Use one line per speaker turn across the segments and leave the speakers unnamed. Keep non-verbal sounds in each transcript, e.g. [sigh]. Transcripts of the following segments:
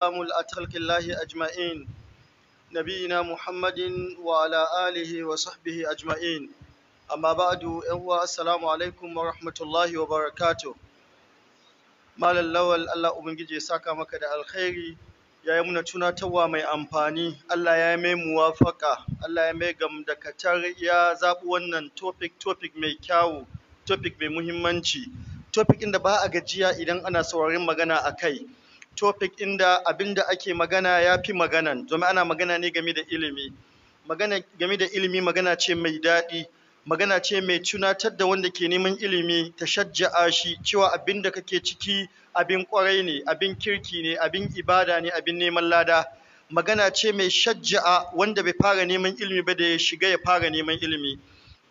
السلام أترك الله أجمعين نبينا محمد وعلى آله وصحبه أجمعين أما بعد إخوة السلام عليكم ورحمة الله وبركاته Malam Lawal Allah Ubangiji ya saka maka da alkhairi ya yi muna tunatarwa mai amfani Allah ya mai muwafaka Allah ya mai gamdakatar ya zaɓi wannan topic topic mai kyawu topic mai muhimmanci topic inda ba a gajiya idan ana saurin magana a kai topic inda abinda ake magana ya fi maganan zama ana magana ne game da ilimi magana game da ilimi magana ce mai daɗi magana ce mai tunatar da wanda ke neman ilimi ta shajja'a shi cewa abin da kake ciki abin kwarai ne abin kirki ne abin ibada ne abin neman lada magana ce mai shajja'a wanda bai fara neman ilimi ba da ya shiga ya fara neman ilimi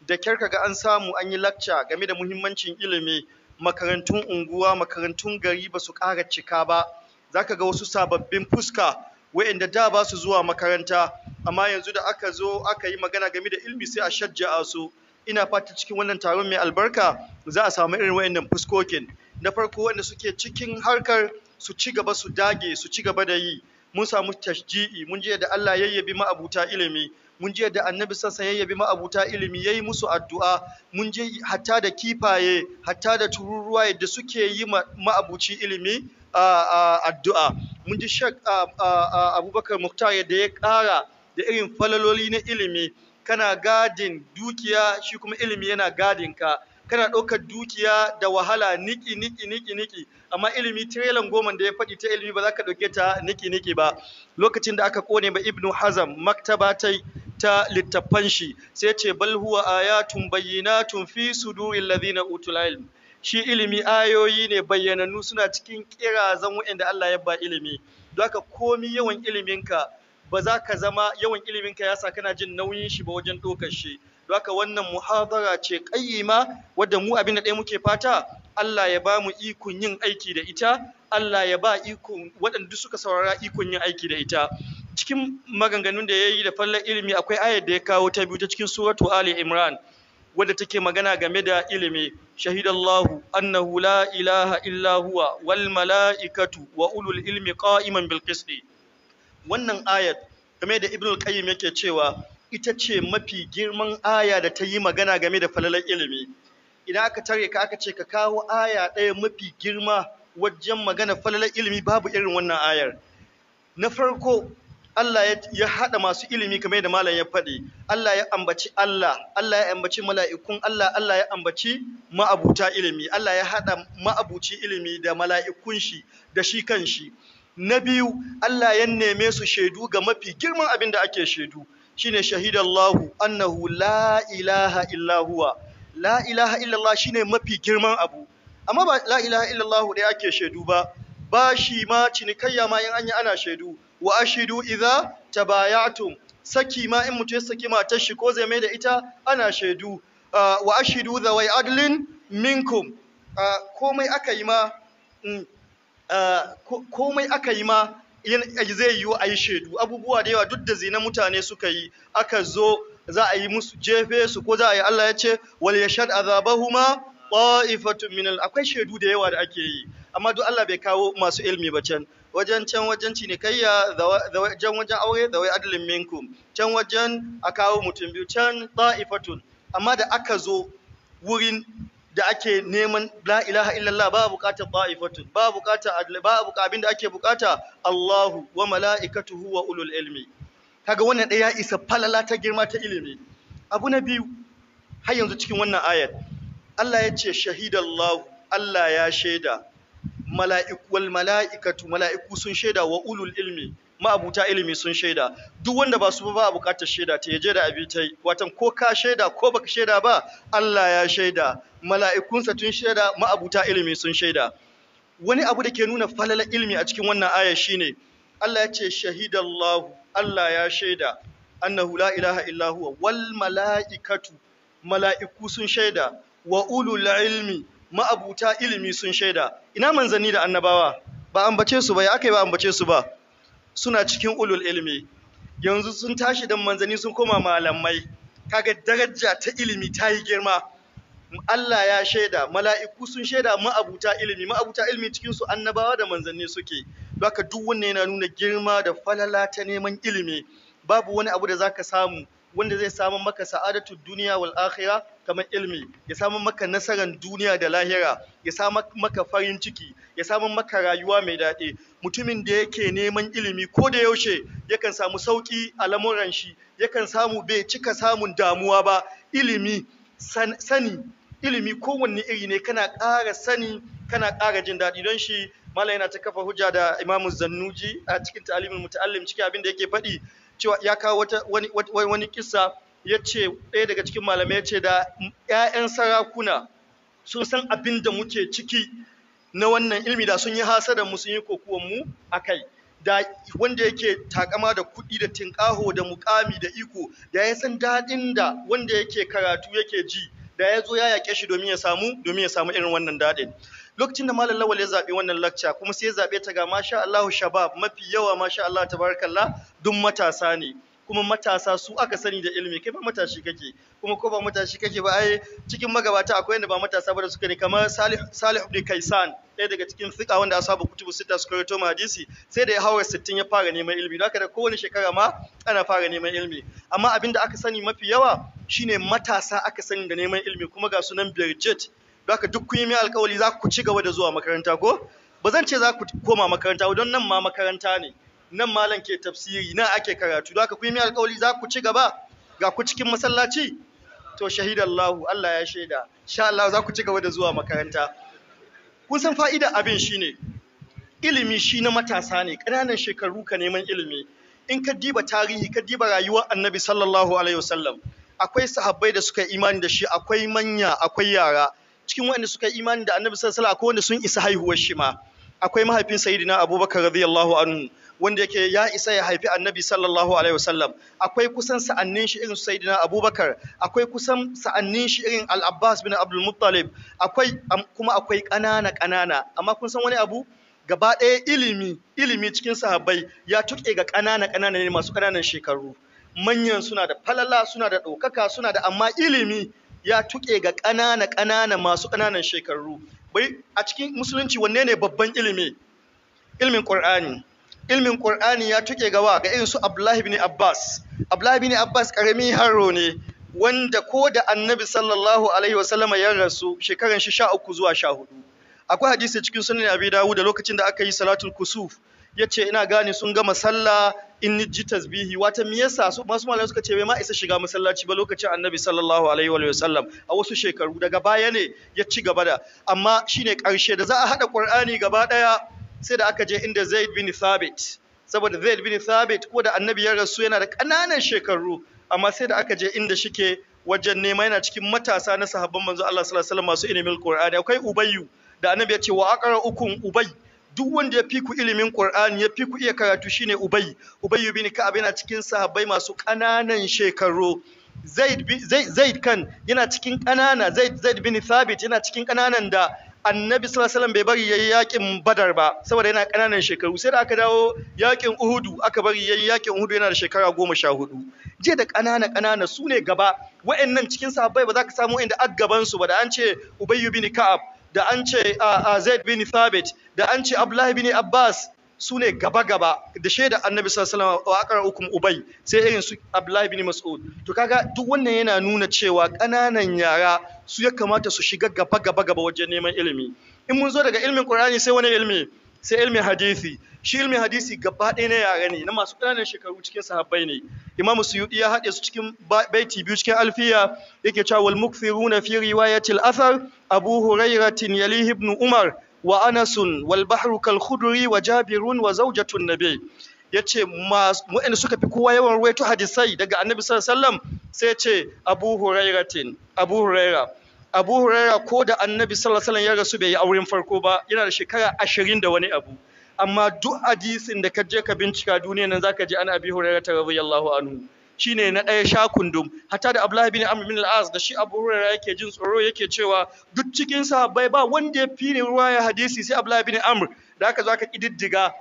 da kyar ga an samu an yi lacca game da muhimmancin ilimi makarantun unguwa makarantun gari ba su ƙara cika ba zaka ga wasu sababbin fuska wa'anda da ba su zuwa makaranta amma yanzu da aka zo aka yi magana game da ilimi sai a shajja'a su ina fata cikin wannan taron mai albarka za a samu irin wa'annan fuskokin na farko wanda suke cikin harkar su ci gaba su dage su ci gaba da yi mun samu tashji'i mun ji da Allah yayyabi ma'abuta ilimi mun ji da annabi ya yayyabi ma'abuta ilimi yayi musu addu'a mun ji hatta da kifaye hatta da tururuwa da suke yi ma'abuci ilimi addu'a mun ji shek abubakar muktar da ya ƙara da irin falaloli na ilimi kana gadin dukiya shi kuma ilimi yana gadin ka kana ɗaukar dukiya da wahala niki niki niki niki amma ilimi tirelan goma da ya faɗi ta ilimi ba za ka ɗauke ta niki niki ba lokacin da aka kone ba ibnu hazam maktaba ta ta littafan shi sai ce bal huwa ayatun bayyinatun fi suduril ladina utul ilm shi ilimi ayoyi ne bayyanannu suna cikin kirazan waɗanda Allah ya ba ilimi don haka komi yawan iliminka ba za ka zama yawan iliminka ya sa kana jin nauyin shi ba wajen ɗaukar shi don haka wannan muhadara ce ƙayyima wadda mu abin da ɗaya muke fata Allah ya ba mu ikon yin aiki da ita Allah ya ba ikon waɗanda suka saurara ikon yin aiki da ita cikin maganganun da ya yi da fallar ilimi akwai ayar da ya kawo ta biyu ta cikin suratu Ali Imran wadda take magana game da ilimi shahidallahu annahu la ilaha illa huwa wal mala'ikatu wa ulul ilmi qa'iman bil qisti wannan ayat game da ibnu qayyim yake cewa ita ce mafi girman aya da ta yi magana game da falalar ilimi idan aka tare ka aka ce ka kawo aya ɗaya mafi girma wajen magana falalar ilimi babu irin wannan ayar na farko Allah ya haɗa masu ilimi kamar da malam ya faɗi Allah ya ambaci Allah Allah ya ambaci mala'ikun Allah Allah ya ambaci ma'abuta ilimi Allah ya haɗa ma'abuci ilimi da mala'ikun shi da shi kan shi na biyu Allah ya neme su shaidu ga mafi girman abin da ake shaidu shine shahidallahu annahu la ilaha illa la ilaha illallah shine mafi girman abu amma ba la ilaha illallah ake shaidu ba ba shi ma cinikayya ma in an yi ana shaidu wa ashidu idza tabayatum saki ma in mutum ya saki matar shi ko zai mai da ita ana shaidu ah, wa ashidu zawai adlin minkum ah, komai aka yi ma mm, ah, komai aka yi ma zai yiwu ayi yi shaidu abubuwa da yawa duk da zina mutane suka yi aka zo za a yi musu jefe su ko za a yi Allah ya ce wal yashad azabahuma min al akwai shaidu da yawa da ake yi amma duk Allah bai kawo masu ilmi ba can wajen can wajen cinikayya wajen wajen aure da wai adalin minkum can wajen a kawo mutum biyu can ta'ifatun amma da aka zo wurin da ake neman la ilaha illallah ba bukatar ta'ifatun ba bukatar adalin ba bukatar abin da ake bukata Allahu wa mala'ikatuhu wa ulul ilmi kaga wannan ɗaya isa falala ta girma ta ilimi abu na biyu har yanzu cikin wannan ayat Allah ya ce shahidallahu Allah ya shaida wal mala'ikatu mala'iku sun shaida wa ulul ilmi ma'abuta ilimi sun shaida duk wanda ba su ba bukatar shaida ta yaje da abi tai watan ko ka shaida ko baka shaida ba Allah ya shaida mala'ikunsa tun shaida ma'abuta ilimi sun shaida wani abu da ke nuna falala ilimi a cikin wannan aya shine Allah ya ce shahidallahu Allah ya shaida annahu la ilaha illa huwa wal mala'ikatu mala'iku sun shaida wa ulul ilmi ma'abuta ilimi sun shaida ina manzanni da annabawa ba ambace su ba ya ba ambace su ba suna cikin ulul ilimi? yanzu sun tashi dan manzanni sun koma malamai kaga daraja ta ilimi ta yi girma Allah ya shaida mala'iku sun shaida ma'abuta ilimi ma'abuta ilimi cikin su annabawa da manzanni suke haka duk wanne yana nuna girma da falala ta neman ilimi babu wani abu da zaka samu wanda zai samu maka sa'adatu duniya wal akhirah kamar ilimi, ya samu maka nasarar duniya da lahira ya samu maka farin ciki ya samu maka rayuwa mai daɗi mutumin da yake neman ilimi ko da yaushe yakan samu sauƙi a lamuran shi yakan samu bai cika samun damuwa ba ilimi san, sani ilimi kowanne iri ne kana ƙara sani kana ƙara jin daɗi don shi Malam yana ta kafa hujja da imamu zannuji a cikin ta'alimin muta'allim cikin abin da yake faɗi cewa ya kawo wani kisa. ya ce ɗaya daga cikin malamai ya ce da 'ya'yan sarakuna sun san abin da muke ciki na wannan ilmi da sun yi hasada mu sun yi kokuwan mu a kai da wanda yake takama da kuɗi da tinkaho da mukami da iko da ya san daɗin da wanda yake karatu yake ji da ya zo ya yaƙe shi domin ya samu domin ya samu irin wannan daɗin lokacin da malam lawal ya zaɓi wannan lakca kuma sai ya zaɓe ta ga masha Allah shabab mafi yawa masha Allah tabarakallah duk matasa ne kuma matasa su aka sani da ilimi kai ba matashi kake kuma ko ba matashi kake ba ai cikin magabata akwai wanda ba matasa ba da suka ne kamar Salih Salih ibn Kaisan ɗaya daga cikin fiqa wanda asabu kutubu sita suka rawaito mu hadisi sai da ya hawa 60 ya fara neman ilimi don haka da kowane shekara ma ana fara neman ilimi amma abin da aka sani mafi yawa shine matasa aka sani da neman ilimi kuma ga sunan Birjit don haka duk kun yi mai alƙawari za ku ci gaba da zuwa makaranta ko ba zan ce za ku koma makaranta don nan ma makaranta ne nan malam ke tafsiri nan ake karatu da aka kuyi yi mai alƙawari za ku ci gaba ga ku cikin masallaci to shahidallahu Allah ya shaida insha Allah za ku ci gaba da zuwa makaranta kun san fa'ida abin shine ilimi shi na matasa ne ƙananan shekaru ka neman ilimi in ka diba tarihi ka diba rayuwar annabi sallallahu alaihi wasallam akwai sahabbai da suka imani da shi akwai manya akwai yara cikin wanda suka imani da annabi sallallahu alaihi wasallam akwai wanda sun isa haihuwar shi ma akwai mahaifin sayyidina abubakar radiyallahu anhu wanda yake ya isa ya haifi annabi sallallahu alaihi wasallam akwai kusan sa'annin shi irin sayyidina abubakar akwai kusan sa'annin shi irin al-abbas bin abdul muttalib akwai kuma akwai ƙanana ƙanana amma kun san wani abu gaba ɗaya ilimi ilimi cikin sahabbai ya tuƙe ga ƙanana ƙanana ne masu ƙananan shekaru manyan suna da falala suna da ɗaukaka suna da amma ilimi ya tuƙe ga ƙanana ƙanana masu ƙananan shekaru bai a cikin musulunci wanne ne babban ilimi ilimin ƙur'ani ilmin Qur'ani ya tuke gaba ga irin su Abdullahi ibn Abbas Abdullahi ibn Abbas karami haro ne wanda ko da Annabi sallallahu alaihi wasallama ya rasu shekaran shi 13 zuwa 14 akwai hadisi cikin sunan Abi Dawud da lokacin da aka yi salatul kusuf ya ce ina gane sun gama sallah in ji tasbihi wata me yasa su masu malai suka ce bai ma isa shiga masallaci ba lokacin annabi sallallahu alaihi wa sallam a wasu shekaru daga baya ne ya ci gaba da amma shine karshe da za a hada qur'ani gaba daya sai da aka je inda Zaid bin Thabit saboda Zaid bin Thabit ko da annabi ya rasu yana da kananan shekaru amma sai da aka je inda shike wajen nema yana cikin matasa na sahabban manzo Allah sallallahu alaihi wasallam masu ilimin Qur'ani akwai Ubayyu da annabi ya ce wa aqra ukum Ubay duk wanda ya fiku ilimin Qur'ani ya fiku iya karatu shine Ubay Ubay bin Ka'ab yana cikin sahabbai masu ƙananan shekaru Zaid Zaid kan yana cikin ƙanana Zaid Zaid bin Thabit yana cikin kananan da annabi sallallahu alaihi wasallam bai bari yayi yakin badar ba saboda yana kananan shekaru sai da aka dawo yakin uhudu aka bari yayi yakin uhudu yana da shekara goma sha hudu je da kanana kanana su ne gaba wa'annan cikin sahabbai ba za ka samu inda ak gaban su ba da an ce ubayyu bin ka'ab da an ce zaid bin thabit da an ce abdullahi bin abbas su ne gaba-gaba da shaida annabi sallallahu alaihi wasallam wa hukum ubay sai irin su abdullahi bin mas'ud to kaga duk wannan yana nuna cewa ƙananan yara su ya kamata su shiga gaba-gaba gaba wajen neman ilimi in mun zo daga ilmin qur'ani sai wani ilmi sai ilmin hadisi shi ilmin hadisi gaba ɗaya na yara ne na masu ƙananan shekaru cikin sahabbai ne imamu suyudi ya haɗe su cikin baiti biyu cikin alfiya yake cewa wal mukthiruna fi riwayatil athar abu hurairatin yalihi ibn umar wa anasun wal bahru kal wa jabirun wa zawjatun nabi yace waɗanda suka fi kowa yawan ruwaito hadisai daga annabi sallallahu alaihi wasallam sai ce abu hurairatin abu huraira abu huraira ko da annabi sallallahu alaihi wasallam ya rasu bai yi auren farko ba yana da shekara ashirin da wani abu amma duk hadisin da ka je ka bincika duniya nan zaka ji an abi hurairata radiyallahu anhu shine na ɗaya sha kundum hatta da Abdullahi bin Amr bin al az da shi Abu Hurairah yake jin tsoro yake cewa duk cikin bai ba wanda ya fine ruwaya hadisi sai Abdullahi bin Amr da aka zo aka kididdiga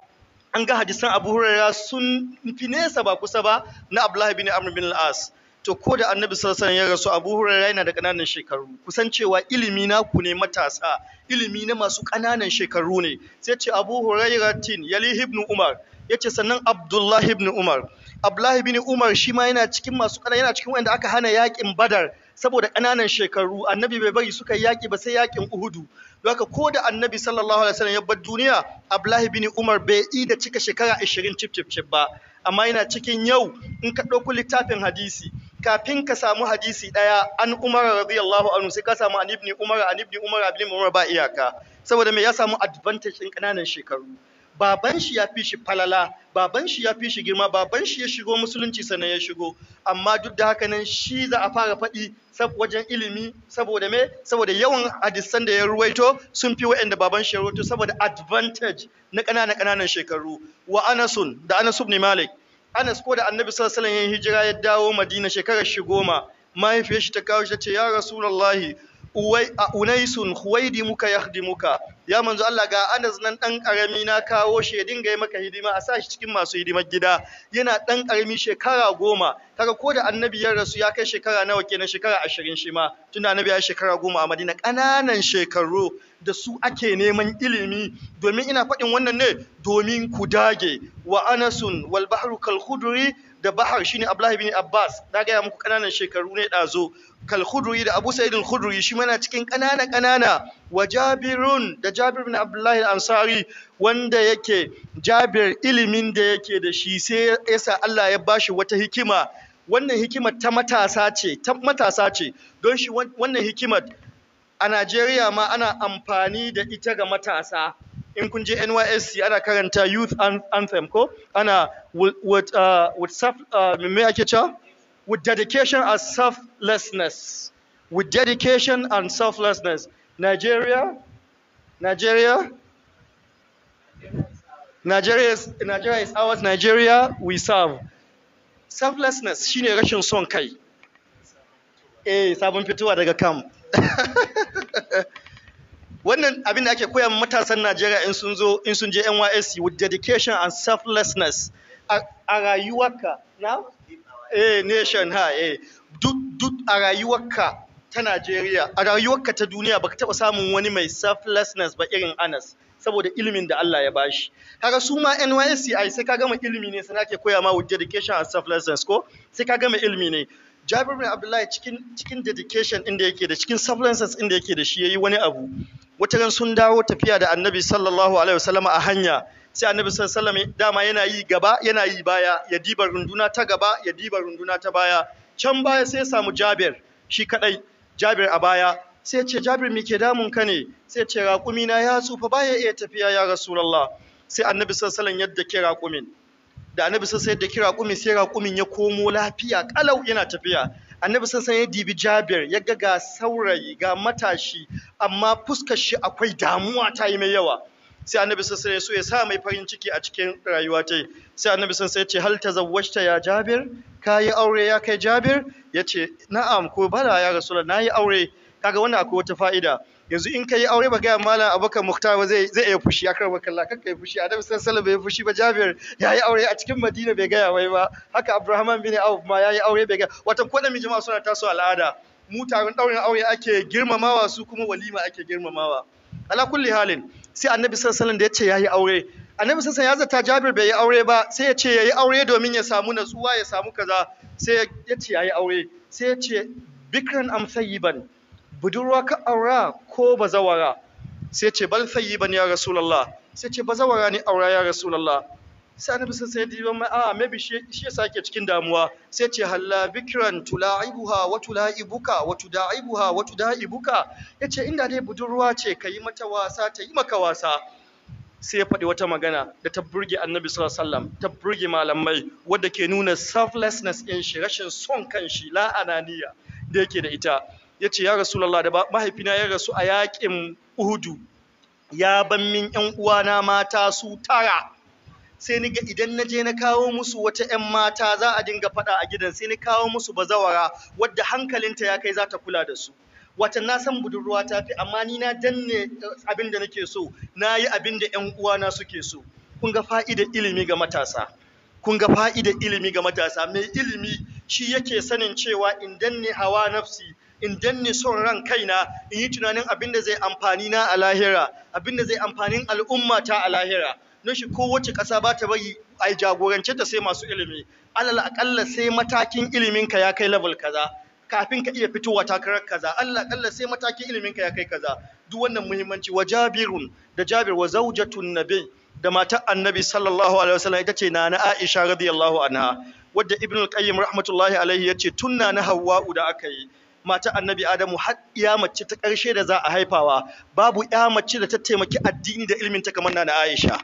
an ga hadisan Abu Hurairah sun fi nesa ba kusa ba na Abdullahi bin Amr bin al az to ko da annabi sallallahu alaihi wasallam ya rasu Abu huraira yana da ƙananan shekaru kusan cewa ilimi na ku ne matasa ilimi na masu ƙananan shekaru ne sai ce Abu Hurairah tin yali ibn Umar yace sannan Abdullah ibn Umar Abdullahi bin Umar shi ma yana cikin masu kana yana cikin wanda aka hana yakin Badar saboda ƙananan shekaru annabi bai bari suka yi yaki ba sai yaƙin Uhudu haka ko da annabi sallallahu alaihi wasallam ya bar duniya Abdullahi bin Umar bai yi da cika shekara 20 cip cip cip ba amma yana cikin yau in ka ɗauko littafin hadisi kafin ka samu hadisi ɗaya an Umar radiyallahu anhu sai ka samu an Umar an Umar ibn Umar ba iyaka saboda me ya samu advantage ɗin ƙananan shekaru baban shi ya fi shi falala baban shi ya fi shi girma baban shi ya shigo musulunci sannan ya shigo amma duk da haka nan shi za a fara faɗi wajen ilimi saboda me saboda yawan hadisan da ya ruwaito sun fi wa'anda baban shi ya ruwaito saboda advantage na ƙananan ƙananan shekaru wa anasun da anas ibn malik anas ko da annabi sallallahu alaihi wasallam ya hijira ya dawo madina shekarar shi goma mahaifiyar shi ta kawo shi ta ce ya rasulullahi unaisun huwaidi muka muka ya manzo Allah ga Anas nan dan karami na kawo shi ya dinga yi maka hidima a sa shi cikin masu hidimar gida yana dan karami shekara goma kaga ko da annabi ya rasu ya kai shekara nawa kenan shekara ashirin shi ma tunda annabi ya shekara goma a Madina kananan shekaru da su ake neman ilimi domin ina faɗin wannan ne domin ku dage wa anasun wal bahru kal da bahar shine abdullahi bin abbas na gaya muku kananan shekaru ne dazo kal khudri da abu sa'id al khudri shi mana cikin kanana kanana wa jabirun da jabir bin abdullahi al ansari wanda yake jabir ilimin da yake da shi sai yasa Allah ya bashi wata hikima wannan hikimar ta matasa ce ta matasa ce don shi wannan hikimar a Najeriya ma ana amfani da ita ga matasa in kun je NYSC ana karanta youth anthem ko ana with uh, with self uh, me ake cewa with dedication and selflessness with dedication and selflessness Nigeria Nigeria Nigeria is, Nigeria is ours Nigeria we serve selflessness shine rashin son kai eh sabon fitowa daga camp [laughs] wannan abin da ake koya matasan Najeriya in sun zo in sun je NYSC with dedication and selflessness a rayuwarka na eh nation ha eh duk duk a rayuwarka ta Najeriya a rayuwarka ta duniya baka taba samun wani mai selflessness ba irin Anas saboda ilimin da Allah ya bashi kaga su ma NYSC ai sai ka gama ilimi ne sai ake koya ma with dedication and selflessness ko sai ka gama ilimi ne Jabir bin Abdullahi cikin cikin dedication inda yake da cikin supplements inda yake da shi yayi wani abu wata ran sun dawo tafiya da Annabi sallallahu alaihi wasallam a hanya sai Annabi sallallahu alaihi wasallam dama yana yi gaba yana yi baya ya diba runduna ta gaba ya diba runduna ta baya can baya sai ya samu Jabir shi kadai Jabir a baya sai ce Jabir me ke damun ka ne sai ce raƙumi na ya tsufa baya iya tafiya ya Rasulullah sai Annabi sallallahu alaihi wasallam yadda ke raƙumin da annabi sun sai da kira kumi sai kumin ya komo lafiya kalau yana tafiya annabi sun sai ya dibi jabir ya ga ga saurayi ga matashi amma fuskar shi akwai damuwa ta yi mai yawa sai annabi sun sai so ya sa mai farin ciki a cikin rayuwa ta sai annabi sun sai ce hal tazawwajta ya jabir kai aure ya kai jabir yace na'am ko bala ya rasulullahi nayi aure kaga wannan akwai wata fa'ida yanzu in yi aure ba ga malam abubakar mukta ba zai zai yi fushi akar ba allah kanka yi fushi annabi sallallahu alaihi bai fushi ba jabir yayi aure a cikin madina bai gaya wai ba haka abdurrahman bin auf ma yayi aure bai gaya wata ko da jama'a suna taso al'ada mu tarin daurin aure ake girmamawa su kuma walima ake girmamawa ala kulli halin sai annabi sallallahu alaihi da ya ce yayi aure annabi wasallam ya zata jabir bai yi aure ba sai ya ce ya yi aure domin ya samu natsuwa ya samu kaza sai ya ce ya yi aure sai ya ce bikran am sayyiban budurwa ka aura ko bazawara sai ce bal thayyiban ya rasulullah sai ce bazawara ne aura ya rasulullah sai annabi sun sai diban mai a maybe shi shi yasa yake cikin damuwa sai ce halla bikran tulaibuha wa tulaibuka wa tudaibuha wa tudaibuka yace inda dai budurwa ce kayi mata wasa ta yi maka wasa sai ya faɗi wata magana da ta burge annabi sallallahu alaihi wasallam ta burge malamai wadda ke nuna selflessness in shi rashin son kanshi la'ananiya da yake da ita ya ce ya rasulallah da mahaifina ya rasu a yaƙin uhudu ya ban min ‘yan uwana mata su tara sai ni ga idan na je na kawo musu wata ƴan mata za a dinga faɗa a gidan sai ni kawo musu bazawara wadda hankalinta ya kai za ta kula da su wata na san budurwa ta fi amma ni na danne eh, abin da nake so na yi abin da uwa uwana suke so kun ga fa'ida ilimi ga matasa kun ga fa'ida ilimi ga matasa mai ilimi shi yake sanin cewa in danne hawa nafsi in danne son ran kaina in yi tunanin abin da zai amfani na a lahira abin da zai amfanin al'umma ta a lahira don shi kowace ƙasa ba ta bari a jagorance ta sai masu ilimi alal aƙalla sai matakin iliminka ya kai level kaza kafin ka iya fitowa takarar kaza alal akalla sai matakin iliminka ya kai kaza duk wannan muhimmanci wa jabirun da jabir wa zaujatun nabi da matar annabi sallallahu alaihi wasallam ita ce nana Aisha radiyallahu anha wadda Ibn qayyim rahmatullahi alaihi yace tunna na Hawwa'u da aka yi mata annabi adamu har iya mace ta ƙarshe da za a haifawa babu iya mace da ta taimaki addini da ilimin ta kamar nana aisha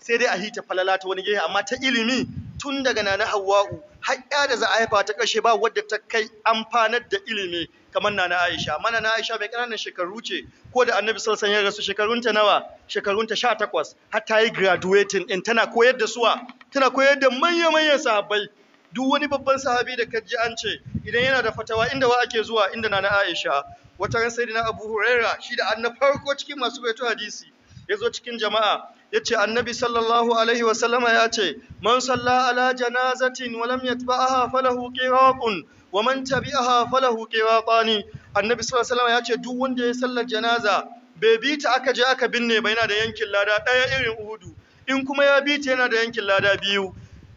sai dai a hita falala ta wani gefe. amma ta ilimi tun daga nana hawwa'u har iya da za a haifa ta ƙarshe ba wadda ta kai amfanar da ilimi kamar nana aisha mana na aisha mai ƙananan shekaru ce ko da annabi sallallahu alaihi wasallam ya rasu shekarunta nawa shekarunta 18 har ta yi graduating din tana koyar da suwa tana koyar da manya-manyan sahabbai duk wani babban sahabi da kaji an ce idan yana da fatawa inda wa ake zuwa inda na na Aisha wata ran sai na Abu Huraira shi da annabi farko cikin masu baito hadisi ya zo cikin jama'a yace annabi sallallahu alaihi wa ya ce man salla ala janazatin wa lam yatba'aha falahu qiraqun wa man tabi'aha falahu qiraqani annabi sallallahu alaihi wasallama ya ce duk wanda ya sallar janaza bai bi ta aka je aka binne ba yana da yankin lada daya irin uhudu in kuma ya bi ta yana da yankin lada biyu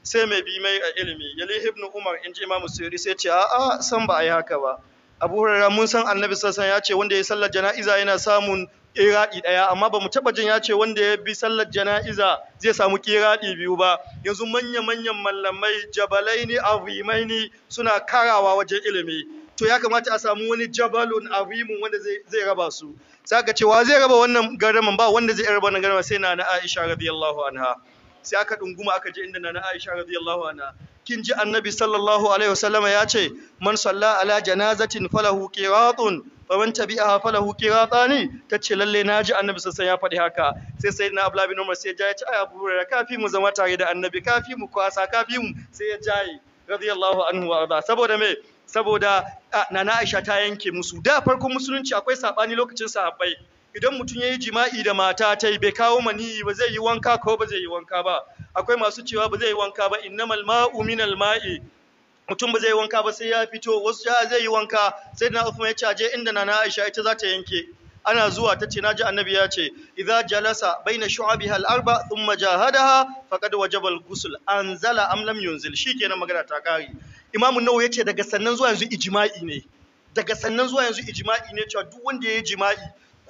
sai mai bi mai a ilimi yali ibnu umar in ji imamu suyuri sai ce a'a san ba a yi haka ba abu hurara mun san annabi sassan ya ce wanda ya sallar jana'iza yana samun kiraɗi ɗaya amma ba mu taɓa jin ya ce wanda ya bi sallar jana'iza zai samu kiraɗi biyu ba yanzu manya-manyan mallamai jabalai ne azimai ne suna karawa wajen ilimi to ya kamata a samu wani jabalun azimun wanda zai raba su za ka ce zai raba wannan garaman ba wanda zai raba wannan garaman sai na na aisha radiyallahu anha sai aka dunguma aka je inda nana Aisha radiyallahu anha kin ji annabi sallallahu alaihi wasallama ya ce man salla ala janazatin falahu qiratun fa man tabi'aha falahu qiratani tace lalle naji annabi sallallahu ya faɗi haka sai sayyidina abla bin umar sai ya jaye ai abu hurairah kafi mu zama tare da annabi kafi mu kwasa kafi mu sai ya jaye radiyallahu anhu wa arda saboda me saboda nana Aisha ta yanke musu da farkon musulunci akwai sabani lokacin sahabbai idan mutum ya yi jima'i da mata ta bai kawo maniyi ba zai yi wanka ko ba zai yi wanka ba akwai masu cewa ba zai yi wanka ba innamal ma'u minal ma'i mutum ba zai yi wanka ba sai ya fito wasu ya zai yi wanka sai na ufuma ya caje aje inda nana Aisha ita za ta yanke ana zuwa ta ce naji annabi ya ce idza jalasa baina shu'abiha al-arba thumma jahadaha faqad wajaba al-ghusl anzala am lam yunzil shikenan magana ta kare imamu nawawi yace daga sannan zuwa yanzu ijma'i ne daga sannan zuwa yanzu ijma'i ne cewa duk wanda ya yi jima'i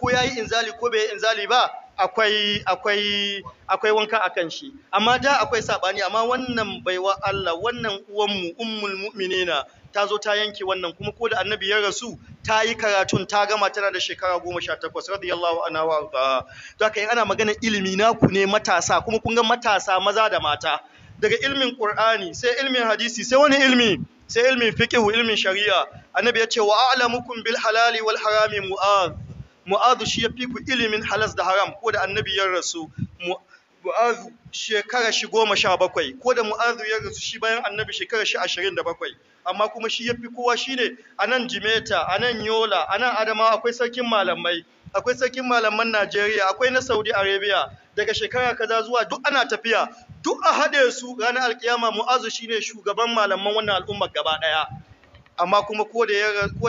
ko yi inzali ko bai inzali ba akwai akwai akwai wanka akan shi amma da akwai sabani amma wannan baiwa Allah wannan uwanmu ummul mu'minina ta zo ta yanke wannan kuma ko da annabi ya rasu ta yi karatun ta gama tana da shekara goma sha takwas radiyallahu anha wa ta to kai ana magana ilimi ku ne matasa kuma kun ga matasa maza da mata daga ilmin qur'ani sai ilmin hadisi sai wani ilmi sai ilmin fiqh ilmin shari'a annabi ya ce wa a'lamukum bil halali wal harami mu'ad mu'azu shi ya fi ku ilimin halas da haram ko da annabi ya rasu mu'adu shekara shi goma sha bakwai ko da mu'adu ya rasu shi bayan annabi shekara shi ashirin da bakwai amma kuma shi ya fi kowa shi ne a nan jimeta a nan yola a nan adamawa akwai sarkin malamai akwai sarkin malaman najeriya akwai na saudi arabia daga shekara kaza zuwa duk ana tafiya duk a haɗe su ranar alkiyama mu'azu shi ne shugaban malaman wannan al'ummar gaba ɗaya amma kuma ko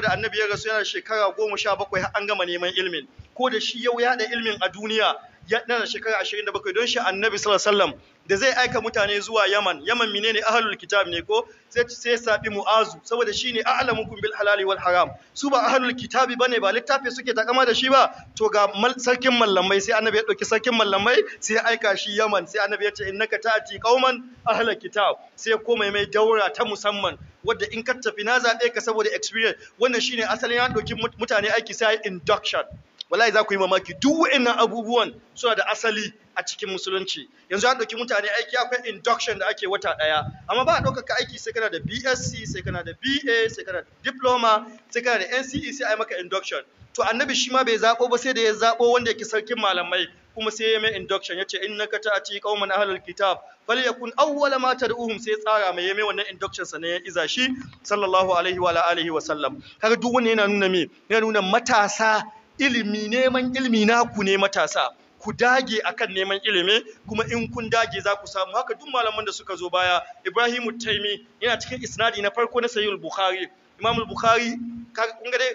da annabi ya rasu yana shekara goma sha bakwai har an gama neman ilmin ko da shi yau ya haɗa ilmin a duniya ya da shekara ashirin da bakwai don shi annabi sallallahu alaihi wasallam da zai aika mutane zuwa Yaman Yaman menene ahlul kitab ne ko sai sai sabi mu'azu saboda shine a'lamukum bil halali wal haram su ba ahlul kitab bane ba littafi suke takama da shi ba to ga sarkin mallamai sai annabi ya dauki sarkin mallamai sai ya aika shi Yaman sai annabi ya ce innaka ta'ti qauman ahlul kitab sai komai mai daura ta musamman wadda in ka tafi na zabe ka saboda experience wannan shine asalin ya dauki mutane aiki sai induction wallahi za ku yi mamaki duk wa'annan abubuwan suna da asali a cikin musulunci yanzu an ɗauki mutane aiki akwai induction da ake wata ɗaya amma ba a ɗaukaka aiki sai kana da bsc sai kana da ba sai kana da diploma sai kana da nce sai a yi maka induction to annabi shi ma bai zaɓo ba sai da ya zaɓo wanda yake sarkin malamai kuma sai ya mai induction ya ce ta ta'ati qauman ahlul kitab falyakun awwala da tad'uhum sai tsara mai mai wannan induction sa ne ya iza shi sallallahu alaihi wa alihi wa sallam kaga duk yana nuna me yana nuna matasa ilimi neman ilimi naku ne matasa ku dage akan neman ilimi kuma in kun dage za ku samu haka duk malaman da suka zo baya Ibrahimu Taimi yana cikin isnadi na farko na Sahih al-Bukhari Imam al-Bukhari kun ga dai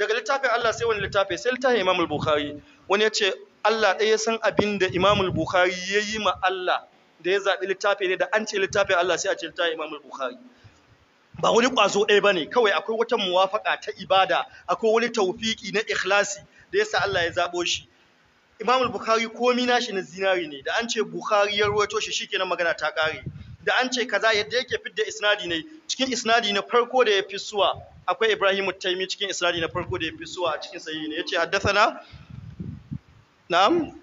daga littafin Allah sai wani littafi sai littafin Imam al-Bukhari wani ya ce Allah ɗaya san abin da Imam al-Bukhari ya yi ma Allah da ya zaɓi littafi ne da an ce littafin Allah sai a ce littafin Imam al-Bukhari ba wani ƙwazo ɗaya ba ne kawai akwai wata muwafaƙa ta ibada akwai wani taufiki na ikhlasi da yasa Allah ya zaɓo shi Imam al-Bukhari komi nashi na zinari ne da an ce Bukhari ya ruwaito shi shikenan magana ta kare da an ce kaza yadda yake fidda isnadi ne cikin isnadi na farko da ya fi suwa akwai Ibrahim at-Taymi cikin isnadi na farko da ya fi suwa a cikin sahihi ne yace haddathana na'am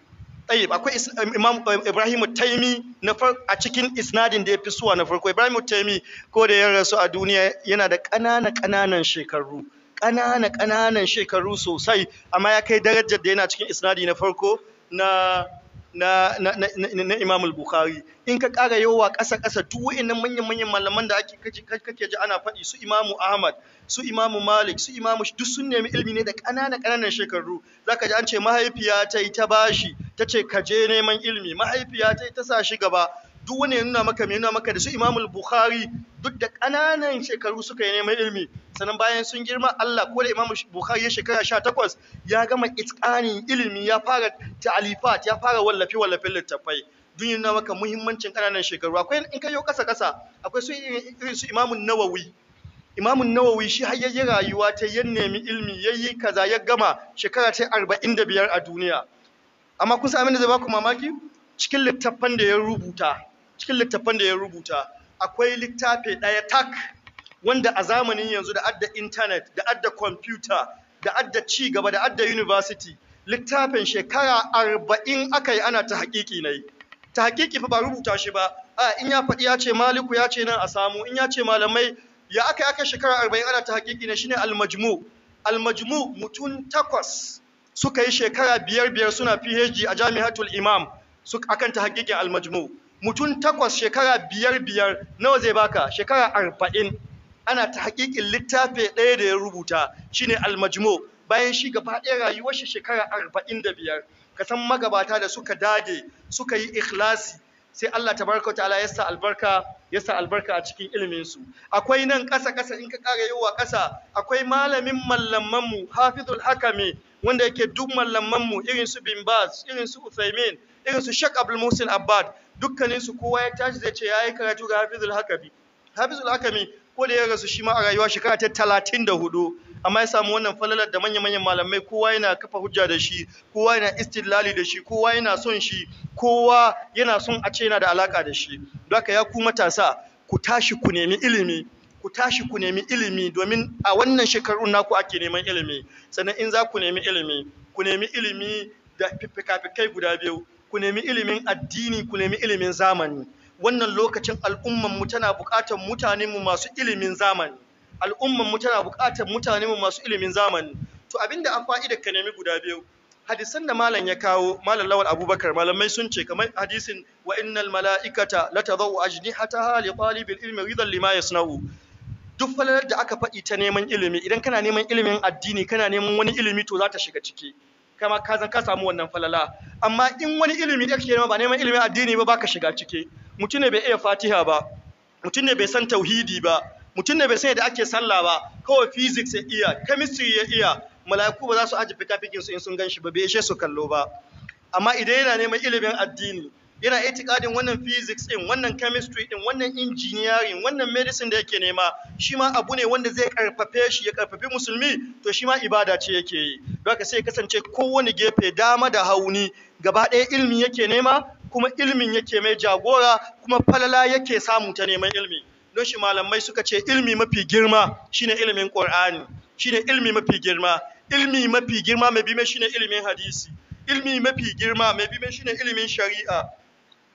tayyib akwai um, Imam um, Ibrahim at-Taymi na a cikin isnadin da ya fi suwa na farko Ibrahim at-Taymi ko da ya rasu a duniya yana da ƙanana ƙananan shekaru ƙanana ƙananan shekaru sosai amma ya kai darajar da yana cikin isnadi na farko na na na na Imam al-Bukhari in ka ƙara yawa ƙasa ƙasa duk wayannan manyan manyan malaman da ake kake ji ana faɗi su Imam Ahmad su Imam Malik su Imam duk sun nemi ilimi ne da ƙanana ƙananan shekaru zaka ji an ce mahaifiya ta yi ta bashi ta ce ka je neman ilimi mahaifiya ta yi ta sa shi gaba duk wani ya nuna maka mai nuna maka da su imamul bukhari duk da ƙananan shekaru suka yi neman ilimi sannan bayan sun girma Allah ko da imamul bukhari ya shekara takwas, ya gama itqanin ilimi ya fara ta'alifat ya fara wallafe wallafen littattafai duk nuna maka muhimmancin ƙananan shekaru akwai in kayo kasa kasa akwai su irin su imamun nawawi imamun nawawi shi har yayi rayuwa ta yan nemi ilimi yayi kaza ya gama shekara ta arba'in da biyar a duniya amma kun sami da zai baku mamaki cikin littattafan da ya rubuta cikin littafan da ya rubuta akwai littafi ɗaya tak wanda a zamanin yanzu da adda intanet da adda kwamfuta da adda ci gaba da adda university littafin shekara arba'in aka yi ana ta haƙiƙi na yi ta haƙiƙi fa ba rubuta shi ba a in ya faɗi ya ce maliku ya ce nan a samu in ya ce malamai ya aka aka shekara arba'in ana ta haƙiƙi ne shine almajmu almajmu mutum takwas suka yi shekara biyar biyar suna phd a jami'atul imam akan ta haƙiƙin almajmu mutum takwas shekara biyar biyar nawa zai baka shekara arba'in ana ta hakikin littafi ɗaya da ya rubuta shine almajmo bayan shi gaba ɗaya rayuwar shi shekara arba'in da biyar ka san magabata da suka dage suka yi ikhlasi sai Allah tabaraka ta'ala ya sa albarka ya sa albarka a cikin ilimin akwai nan ƙasa ƙasa in ka ƙara yawa ƙasa akwai malamin mallaman mu hafizul hakami wanda yake duk mallaman mu irin su bimbas irin su uthaymin irin su Sheikh Abdul Musin Abbad dukkanin su kowa ya tashi zai ce yayi karatu ga Hafizul Hakami Hafizul Hakami ko da ya rasu shi ma a rayuwa shekara ta 34 amma ya samu wannan falalar da manya-manyan malamai kowa yana kafa hujja da shi kowa yana istidlali da shi kowa yana son shi kowa yana son a ce yana da alaka da shi don haka ya ku matasa ku tashi ku nemi ilimi ku tashi ku nemi ilimi domin a wannan shekarun naku ake neman ilimi sannan in za ku nemi ilimi ku nemi ilimi da fikafikai guda biyu ku nemi ilimin addini ku nemi ilimin zamani wannan lokacin al'umman tana buƙatar mutanen masu ilimin zamani al'umman tana buƙatar mutanen masu ilimin zamani to abinda an fa'ida ka nemi guda biyu hadisan da malam ya kawo malam lawal abubakar malamai sun ce kamar hadisin wa innal mala'ikata latadau ajnihata li talibil ilmi ridan lima yasna'u duk falalar da aka faɗi ta neman ilimi idan kana neman ilimin addini kana neman wani ilimi to za ta shiga ciki kama ka zan ka samu wannan falala amma in wani ilimi da kake nema ba neman ilimin addini ba baka shiga cike mutum ne bai iya fatiha ba mutum ne bai san tauhidi ba mutum ne bai san yadda ake sallah ba kawai physics ya iya chemistry ya iya mala'iku ba za su aji fikafikin su in sun gan shi ba bai ishe su kallo ba amma idan yana neman ilimin addini yana itikadin wannan physics din wannan chemistry din wannan engineering wannan medicine da yake nema shi ma abu ne wanda zai karfafe shi ya karfafi musulmi to shi ma ibada ce yake yi don haka sai kasance kowane gefe dama da hauni gaba ɗaya ilmi yake nema kuma ilmin yake mai jagora kuma falala yake samu ta neman ilmi don shi malamai suka ce ilmi mafi girma shine ilimin qur'ani shine ilmi mafi girma ilmi mafi girma mai bi mai shine ilimin hadisi ilmi mafi girma mai bi mai shine ilimin shari'a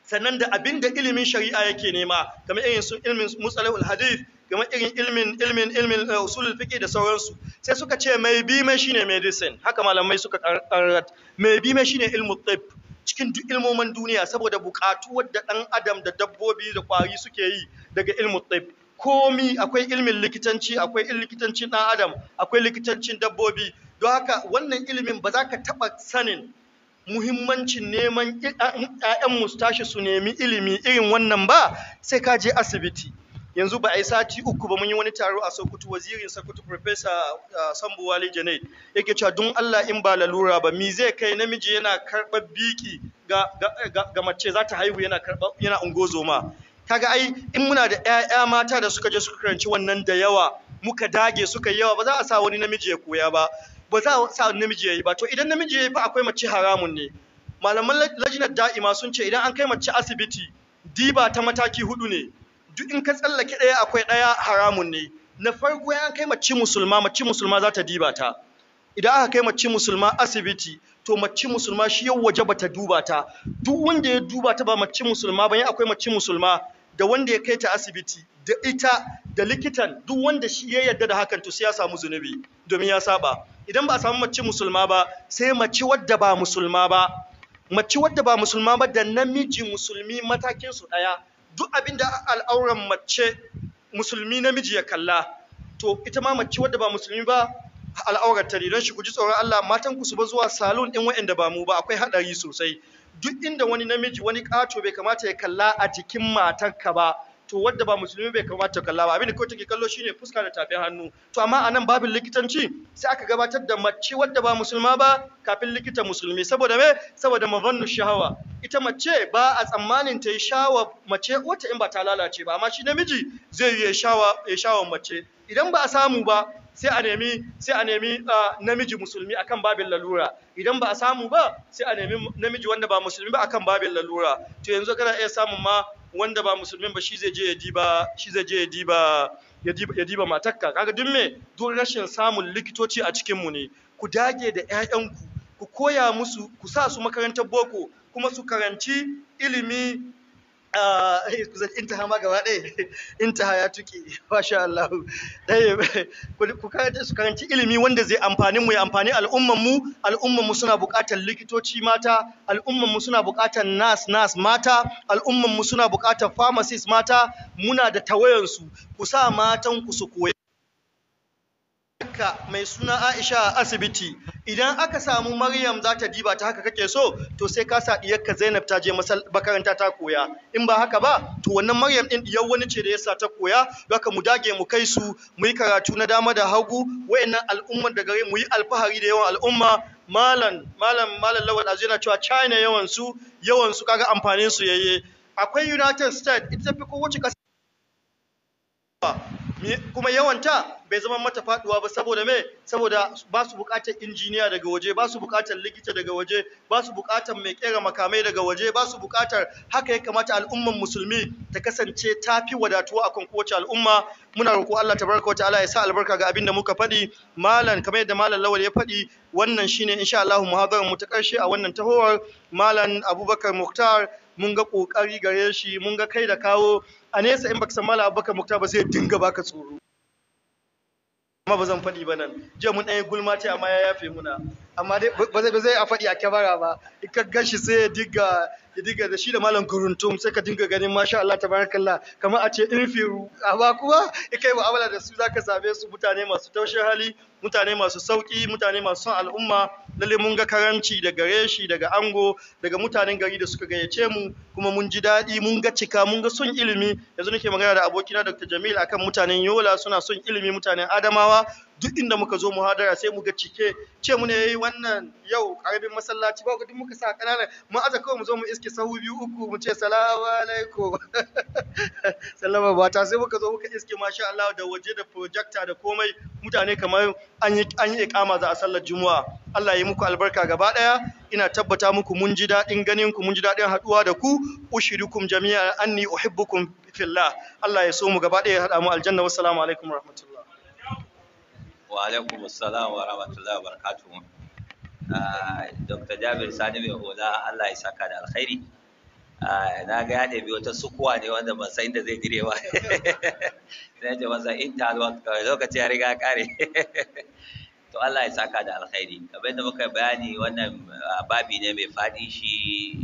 sannan da abin da ilimin shari'a yake nema kamar irin su ilmin musalahul hadith kamar irin ilmin ilmin ilmin eh, usulul fiqh da sauransu sai suka ce mai bi mai shine medicine haka malamai suka karrat mai bi mai shine ilmu tibb cikin duk ilmomin duniya saboda bukatu wadda ɗan adam da dabbobi da kwari suke yi daga ilmu tibb komi akwai ilmin likitanci akwai ilmin likitancin ɗan adam akwai likitancin dabbobi don haka wannan ilimin ba za ka taɓa sanin muhimmancin neman ‘ya'yan su tashi su nemi ilimi irin wannan ba sai ka je asibiti yanzu ba a yi sati uku ba mun yi wani taro a sokoto wazirin sokoto professor sambu wali janet yake cewa don allah in ba lalura ba mi zai kai namiji yana karɓar biki ga, mace za ta haihu yana karɓar yana ungozoma kaga ai in muna da ‘ya'ya mata da suka je suka karanci wannan da yawa muka dage suka yawa ba za a sa wani namiji ya koya ba ba za a sa namiji ya yi ba to idan namiji ya yi fa akwai mace haramun ne malaman lajinar da'ima sun ce idan an kai mace asibiti diba ta mataki hudu ne duk in ka tsallake ɗaya akwai ɗaya haramun ne na farko an kai mace musulma mace musulma za ta diba ta idan aka kai mace musulma asibiti to mace musulma shi yau waje bata duba ta duk wanda ya duba ta ba mace musulma ba akwai mace musulma da wanda ya kai ta asibiti da ita da likitan duk wanda shi ya yarda da hakan to sai ya samu zunubi domin ya saba idan ba a samu mace musulma ba sai mace wadda ba musulma ba mace wadda ba musulma ba da namiji musulmi matakin su daya duk abin da al'auran mace musulmi namiji ya kalla to ita ma mace wadda ba musulmi ba al'auran ta ne don shi ku ji tsoron Allah matan ku su ba zuwa salon din waɗanda ba mu ba akwai hadari sosai duk inda wani namiji wani kato bai kamata ya kalla a jikin matarka ba to wadda ba musulmi bai kamata ya kalla ba abin da kawai take kallo shine fuska da tafin hannu to amma a nan babin likitanci sai aka gabatar da mace wadda ba musulma ba kafin likita musulmi saboda me saboda mazannu shahawa ita mace ba a tsammanin ta yi shawa mace wata in ba ta lalace ba amma shi namiji zai yi shawa ya shawa mace idan ba a samu ba sai a nemi sai a nemi namiji musulmi akan babin lalura idan ba a samu ba sai a nemi namiji wanda ba musulmi ba akan babin lalura to yanzu kana iya samun ma wanda ba musulmin ba shi zai je ya diba shi zai je ya diba ya diba matakka kaga duk me duk rashin samun likitoci a cikin mu ne ku dage da ƴaƴanku ku koya musu ku sa su makarantar boko kuma su karanci ilimi Ah, eh, kusan intaha ma gaba ɗaya [laughs] intaha ya tuke masha Allah eh, ku karanta su karanci ilimi wanda zai amfani mu ya amfani al'umman mu al'umman mu suna buƙatar likitoci mata al'umman mu suna buƙatar nas nas mata al'umman mu suna buƙatar pharmacist mata muna da tawayan su ku sa matan ku su koya. matarka mai suna Aisha a asibiti idan aka samu Maryam za ta diba ta haka kake so to sai ka sa diyarka Zainab ta je makaranta ta koya in ba haka ba to wannan Maryam din diyar wani ce da yasa ta koya haka mu dage mu kai su mu yi karatu na dama da hagu wayannan al'ummar da gare mu yi alfahari da yawan al'umma malam malam malam lawal azina cewa China yawan su yawan su kaga amfanin su yayye akwai United States ita tafi kowace kasa kuma yawanta bai zama mata faduwa ba saboda me saboda ba su bukatar injiniya daga waje ba su bukatar likita daga waje ba su bukatar mai kera makamai daga waje ba su bukatar haka ya kamata al'umman musulmi ta kasance ta fi wadatuwa kan kowace al'umma muna roƙo Allah tabaraka wa ta'ala ya sa albarka ga abin da muka faɗi malam kamar yadda malam lawal ya faɗi wannan shine insha Allah muhadarar mu ta ƙarshe a wannan tahowar malam Abubakar Muktar mun ga kokari gare shi mun ga kai da kawo a nesa in baka san mala abubakar mukta ba zai dinga baka tsoro amma ba zan faɗi ba nan jiya mun ɗanyi gulma ce amma ya yafe muna amma ba zai a faɗi a kyabara ba in ka gashi sai ya diga diga da shi da malam kuruntum sai ka dinga ganin masha Allah tabarakallah kamar a ce infiru amma kuma ya kai mu'amala da su zaka same su mutane masu taushin hali mutane masu sauki mutane masu son al'umma lalle mun ga karanci da gare shi daga ango daga mutanen gari da suka gayyace mu kuma mun ji daɗi mun ga cika mun ga son ilimi yanzu nake magana da abokina Dr. Jamil akan mutanen Yola suna son ilimi mutanen Adamawa duk inda muka zo muhadara sai muga cike ce mu ne yayi wannan yau karibin masallaci ba duk muka sa kanana mu aza kawai mu zo mu iske sahu biyu uku mu ce salamu alaikum [laughs] sallama ba ta sai muka zo muka iske masha Allah da waje da projector da komai mutane kamar an yi an yi ikama za a sallar juma'a Allah ya muku albarka gaba daya ina tabbata muku mun ji dadin ganin ku mun ji dadin haduwa da ku ushirukum jami'an anni uhibbukum fillah Allah ya so mu gaba daya ya hada mu aljanna wassalamu alaikum warahmatullahi
wa alaikum wa rahmatullahi wa barakatuhu ah, dr jabir sani mai hula allah ya saka da alkhairi ah, na ga ya ɗabi wata sukuwa ne wanda ban san inda zai dire ba [laughs] sai ce masa inta kawai lokaci ya riga kare [laughs] to allah ya saka da alkhairi kamar yadda muka bayani wannan ah, babi ne mai faɗi shi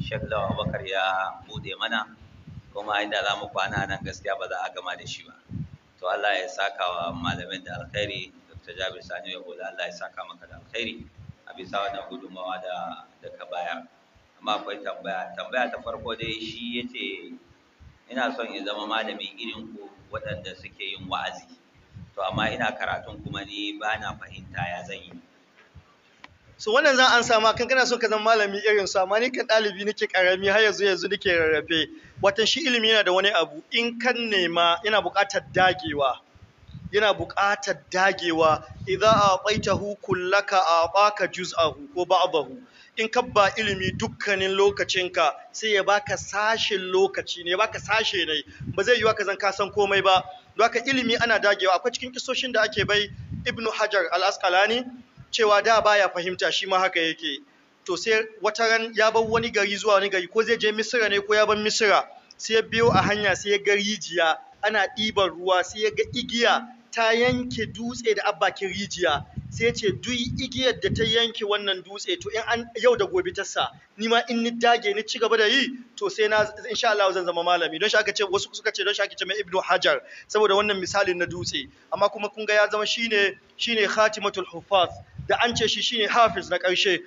shakla Bakar ya buɗe mana kuma inda za mu kwana nan gaskiya ba za a gama da shi ba to allah ya saka wa malamin da alkhairi ta sani ya gola Allah ya saka maka da alkhairi a bisa wannan gudunmawa da da ka bayar amma akwai tambaya tambaya ta farko dai shi yace ina son in zama malami irin ku waɗanda suke yin wa'azi to amma ina karatun kuma ni ba na fahimta ya zan yi
so wannan zan an sama kan kana so ka zama malami irin su amma ni kan ɗalibi nake karami har yanzu yanzu nake rarrafe watan shi ilimi yana da wani abu in kan nema yana buƙatar dagewa yana buƙatar dagewa idza a kullaka a'taka juz'ahu ko ba'dahu in ka ba ilimi dukkanin lokacinka sai ya baka sashin lokaci ne ya baka sashe ne ba zai yiwa ka zan ka san komai ba haka ilimi ana dagewa akwai cikin kisoshin da ake bai ibnu hajar al-asqalani cewa da baya fahimta shi ma haka yake to sai wata ran ya bar wani gari zuwa wani gari ko zai je misira ne ko ya bar misira sai ya biyo a hanya sai ya ga rijiya ana ɗiban ruwa sai ya ga igiya ta yanke dutse da abbakin rijiya sai ce duk igiyar da ta yanke wannan dutse to in an yau da gobe ta sa ni ma in ni dage ni ci gaba da yi to sai na insha Allah zan zama malami don shi aka ce wasu suka ce don shi aka ce mai ibnu hajar saboda wannan misalin na dutse amma kuma kun ga ya zama shine shine khatimatul huffaz da an ce shi shine hafiz na karshe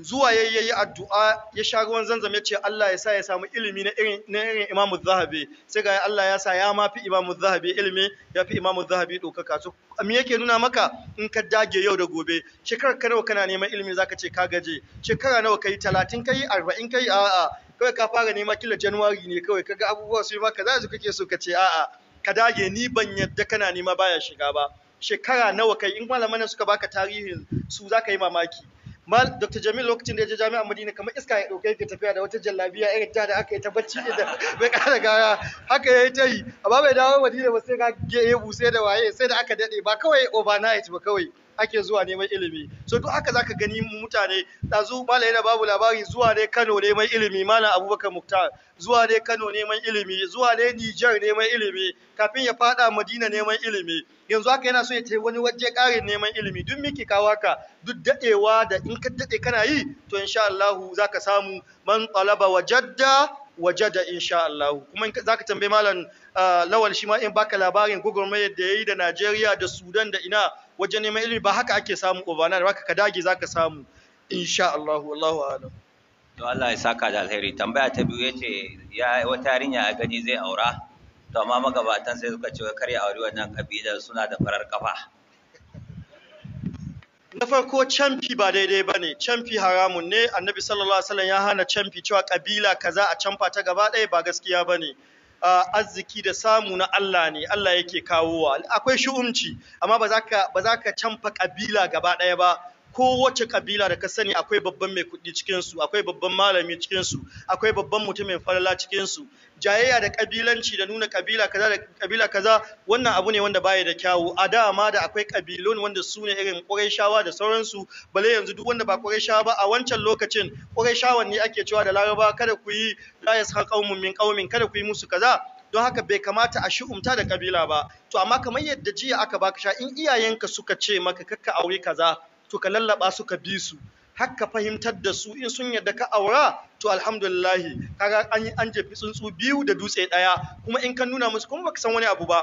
zuwa yayi yi addu'a ya sha ruwan zanzam ya ce Allah ya sa ya samu ilimi na irin na irin Imam Zahabi sai ga Allah ya sa ya ma fi Imam Zahabi ilimi ya fi Imam Zahabi dokaka so me yake nuna maka in ka dage yau da gobe shekara ka nawa kana neman ilimi zaka ce ka gaje shekara nawa kai 30 kai 40 kai a'a kawai ka fara nema kila January ne kawai kaga abubuwa su yi maka za su kake so ka ce a'a ka dage ni ban yadda kana nema baya shiga ba shekara nawa kai in malamai suka baka tarihin su zaka yi mamaki mal dr jamil lokacin da ya je jami'an madina kamar iska ya dauke ka tafiya da wata jallabiya irin ta da aka yi ta bacci da [laughs] bai kara gara haka ya yi ta yi amma bai dawo madina ba sai ga ya buse da waye sai da aka dade ba kawai overnight ba kawai ake zuwa neman ilimi so duk haka zaka gani mutane dazu malai yana babu labari zuwa ne Kano neman ilimi mana Abubakar Muktar zuwa ne Kano neman ilimi zuwa ne Niger neman ilimi kafin ya fada Madina neman ilimi yanzu haka yana so ya tai wani waje karin neman ilimi duk miki kawo ka duk dadewa da in ka dade kana yi to insha Allah zaka samu man talaba wajadda wajada insha Allah kuma in zaka tambaye malam ah, lawal shi ma in baka labarin mai da yayi da Najeriya da Sudan da ina wajen neman ilimi ba haka ake samu obana da baka ka dage zaka samu insha Allah wallahu a'lam
to Allah ya saka da alheri tambaya ta biyu yace ya wata yarinya a gani zai aura to amma magabatan sai suka ce kar ya aure wannan kabila suna da farar kafa
na farko camfi ba daidai ba ne canfi haramun ne annabi sallallahu alaihi wasallam ya hana camfi cewa kabila kaza a camfa ta gaba ɗaya ba gaskiya ba ne arziki da samu na Allah ne Allah yake kawowa akwai shu'umci amma ba za ka canfa camfa kabila gaba ɗaya ba kowace kabila da ka sani akwai babban mai kuɗi cikin akwai babban malami cikin akwai babban mutumin falala cikinsu. su jayayya da kabilanci da nuna kabila kaza da kabila kaza wannan abu ne wanda baya da kyawu a da ma da akwai kabilun wanda su ne irin Qurayshawa da sauransu bale yanzu duk wanda ba Qurayshawa ba a wancan lokacin shawa ne ake cewa da Laraba kada ku yi la har qaumun min qaumin kada ku yi musu kaza don haka bai kamata a shi'umta da kabila ba to amma kamar yadda jiya aka baka sha in iyayenka suka ce maka kakka aure kaza to ka lallaba su ka bi su ka fahimtar da su in sun yarda ka aura to alhamdulillah kaga an an jefi tsuntsu biyu da dutse daya kuma in ka nuna musu kuma baka san wani abu ba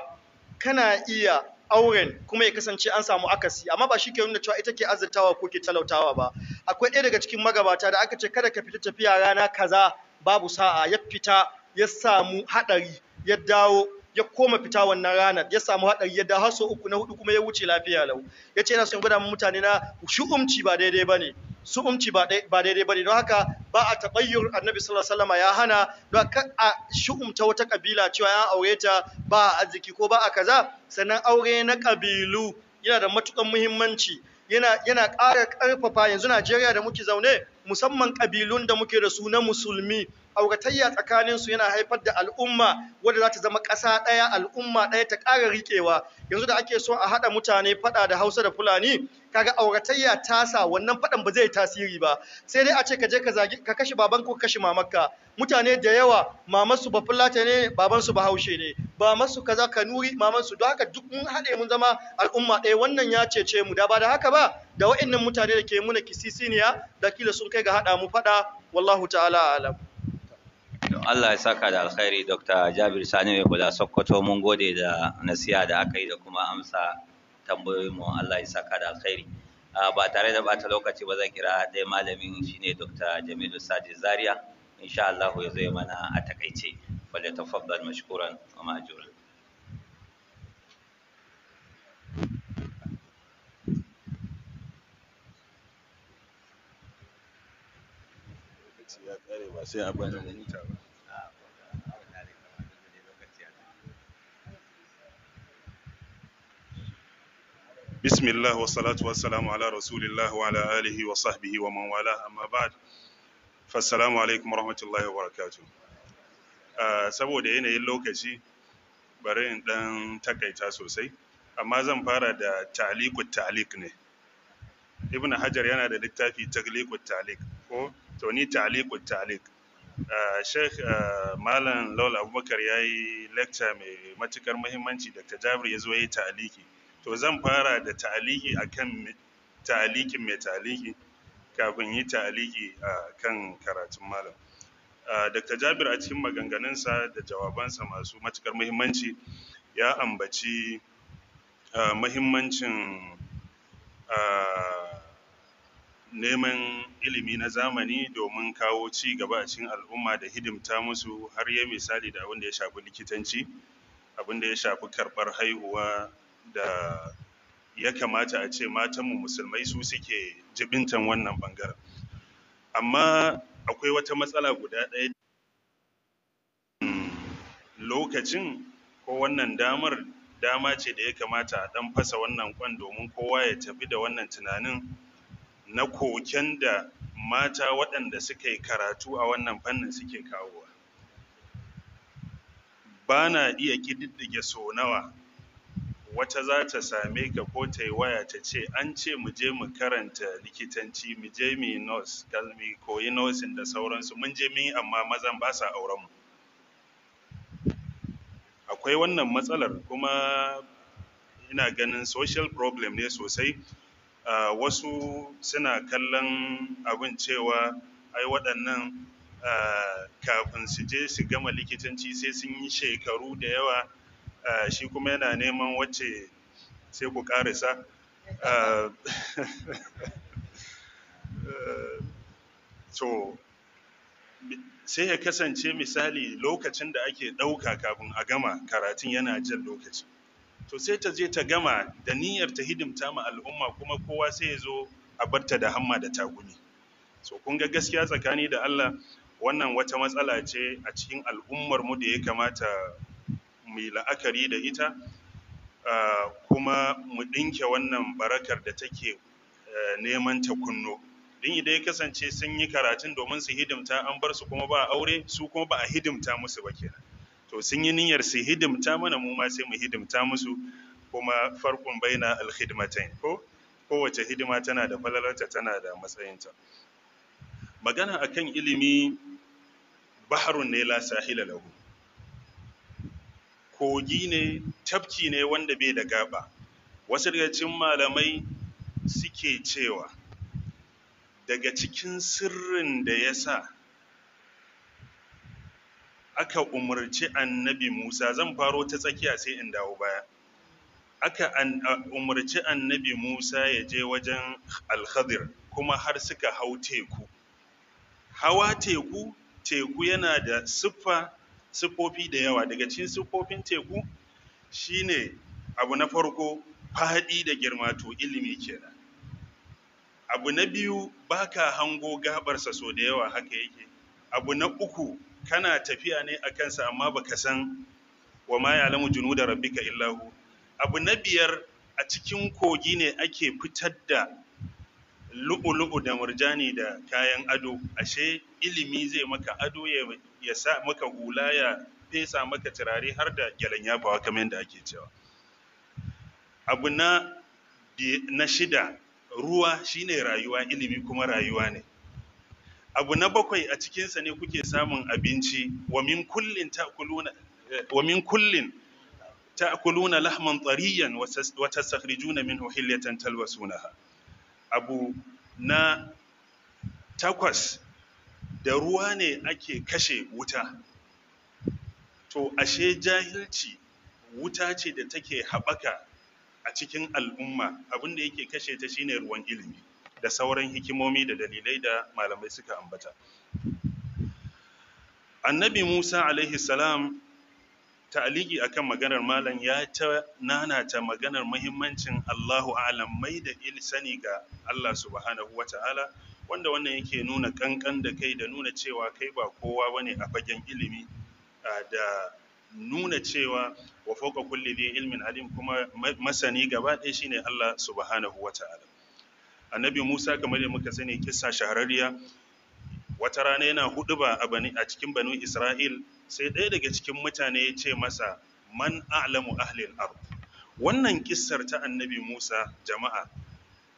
kana iya auren kuma ya kasance an samu akasi amma ba shi ke nuna cewa ita ke azurtawa ko ke talautawa ba akwai ɗaya daga cikin magabata da aka ce kada ka fita tafiya rana kaza babu sa'a ya fita ya samu haɗari ya dawo ya koma fita wannan ranar ya samu haɗari ya da haso uku na hudu kuma ya wuce lafiya lau ya ce yana son gwada mutane na shu'umci ba daidai ba ne su'umci ba daidai ba ne don haka ba a taɓayyar annabi sallallahu alaihi wasallam ya hana don a shu'umta wata kabila cewa ya aure ta ba a arziki ko ba a kaza sannan aure na kabilu yana da matukan muhimmanci yana yana ƙara ƙarfafa yanzu Najeriya da muke zaune musamman kabilun da muke da su na musulmi auratayya tsakanin su yana haifar da al'umma wadda za ta zama ƙasa ɗaya al'umma ɗaya ta ƙara riƙewa yanzu da ake so a haɗa mutane faɗa da Hausa da Fulani kaga auratayya tasa wannan faɗan ba zai tasiri ba sai dai a ce ka je ka zagi ka kashe baban ko kashe mamarka mutane da yawa maman su ba Fulata ne baban su ba Haushe ne ba masu kaza ka nuri maman su don haka duk mun haɗe mun zama al'umma ɗaya wannan ya cece mu da ba da haka ba da wa'annan mutane da ke muna kisisiniya da kila sun kai ga haɗa mu faɗa wallahu ta'ala alam
Allah ya saka da alkhairi Dr. Jabir Sani mai kula Sokoto mun gode da nasiha da aka yi da kuma amsa tambayoyin mu Allah ya saka da alkhairi ba tare da bata lokaci ba zan kira dai malamin shine Dr. Jamilu Sadi Zaria insha Allah ya zo mana a takaice falyatafaddal mashkuran wa ma'juran
ya ƙare ba sai a bari mu huta ba bismillah wa salatu wa salamu ala rasulillah wa ala alihi wa sahbihi wa man wala amma ba'd fassalamu alaikum wa rahmatullahi saboda yanayin lokaci bari in dan takaita sosai amma zan fara da taliku ta'liq ne ibn hajar yana da littafi tagliqut ta'liq ko to ni talik eh, Sheikh eh, Malam Lawal Abubakar ya yi lecture mai matukar muhimmanci Dr. Jabiru ya zo ya yi ta'aliki. To zan fara da ta'aliki akan mai taliki kafin yi taliki a kan karatun malam. Eh, Dr. Jabir a cikin maganganunsa da jawabansa masu matukar muhimmanci ya ambaci muhimmancin neman ilimi na zamani domin kawo ci gaba a cikin al'umma da hidimta musu har ya misali da abin da ya shafi likitanci abin da ya shafi karɓar haihuwa da ya kamata a ce matanmu musulmai su suke jibintan wannan ɓangaren amma akwai wata matsala guda ɗaya hmm, lokacin ko wannan damar dama ce da ya kamata a ɗan fasa wannan kwan domin kowa ya tafi da wannan tunanin na koken da mata waɗanda suka yi karatu a wannan fannin suke kawowa ba na iya ƙididdige so nawa wata za ta same ka ko ta yi waya ta ce an ce mu je mu karanta likitanci mu je mu yi nurse mu koyi nursing da sauransu mun je mun yi amma mazan ba sa auren mu akwai wannan matsalar kuma ina ganin social problem ne sosai wasu suna kallon abin cewa ai waɗannan kafin su je su gama likitanci sai sun yi shekaru da yawa shi kuma yana neman wacce sai ku ƙarisa [laughs] to sai ya kasance misali lokacin da ake ɗauka kafin a gama karatun yana jan lokaci to sai ta je ta gama da niyyar ta hidimta ma al'umma kuma kowa sai ya zo a barta da hamma da taguni so kun ga gaskiya tsakani da Allah wannan wata matsala ce a cikin al'ummar mu da ya kamata mu yi la'akari da ita kuma mu ɗinke wannan barakar da take neman ta kunno din idan ya kasance sun yi karatun domin su hidimta an bar su kuma ba aure su kuma ba a hidimta musu ba kenan to sun yi niyyar su hidimta mana mu ma sai mu hidimta musu kuma farkon baina alkhidmatain ko kowace hidima tana da falalarta tana da matsayinta magana akan ilimi baharun ne la sahila lahu kogi ne tafki ne wanda bai da gaba wasu daga cikin malamai suke cewa daga cikin sirrin da ya sa aka umarci annabi Musa zan faro ta tsakiya sai in dawo baya aka umarci annabi Musa ya je wajen Al-Khadir kuma har suka hau teku hawa teku teku yana da siffa siffofi da yawa daga cikin siffofin teku shine abu na farko faɗi da girma to ilimi kenan abu na biyu baka hango sa so da yawa haka yake abu na uku kana tafiya ne a kansa amma baka san wa ma junu da rabbi ka, illahu abu na biyar a cikin kogi ne ake fitar da lu'ulu'u da murjani da kayan ado ashe ilimi zai maka ado ya sa maka hula ya fesa maka turare har da gyalen yafawa kamar yadda ake cewa abu na shida ruwa shine rayuwa ilimi kuma rayuwa ne abu na bakwai a cikinsa ne kuke samun abinci wa min kullin ta'kuluna wa min kullin ta'kuluna lahman tariyan wa tastakhrijuna minhu hilyatan talwasunaha abu na takwas da ruwa ne ake kashe wuta to ashe jahilci wuta ce da take haɓaka a cikin al'umma abinda yake kashe ta shine ruwan ilimi da sauran hikimomi da dalilai da malamai suka ambata annabi musa alaihi salam ta'aliki akan maganar malam ya ta nanata maganar muhimmancin allahu alam mai da il sani ga allah subhanahu wa ta'ala wanda wannan yake nuna kankan da kai da nuna cewa kai ba kowa bane a fagen ilimi da nuna cewa wa fauka kulli dhi ilmin alim kuma masani gaba ɗaya shine Allah subhanahu wa ta'ala annabi Musa kamar da muka sani kissa shahararriya wata rana yana huduba a bani a cikin banu Isra'il sai ɗaya daga cikin mutane ya ce masa man a'lamu ahlil ard wannan kissar ta annabi Musa jama'a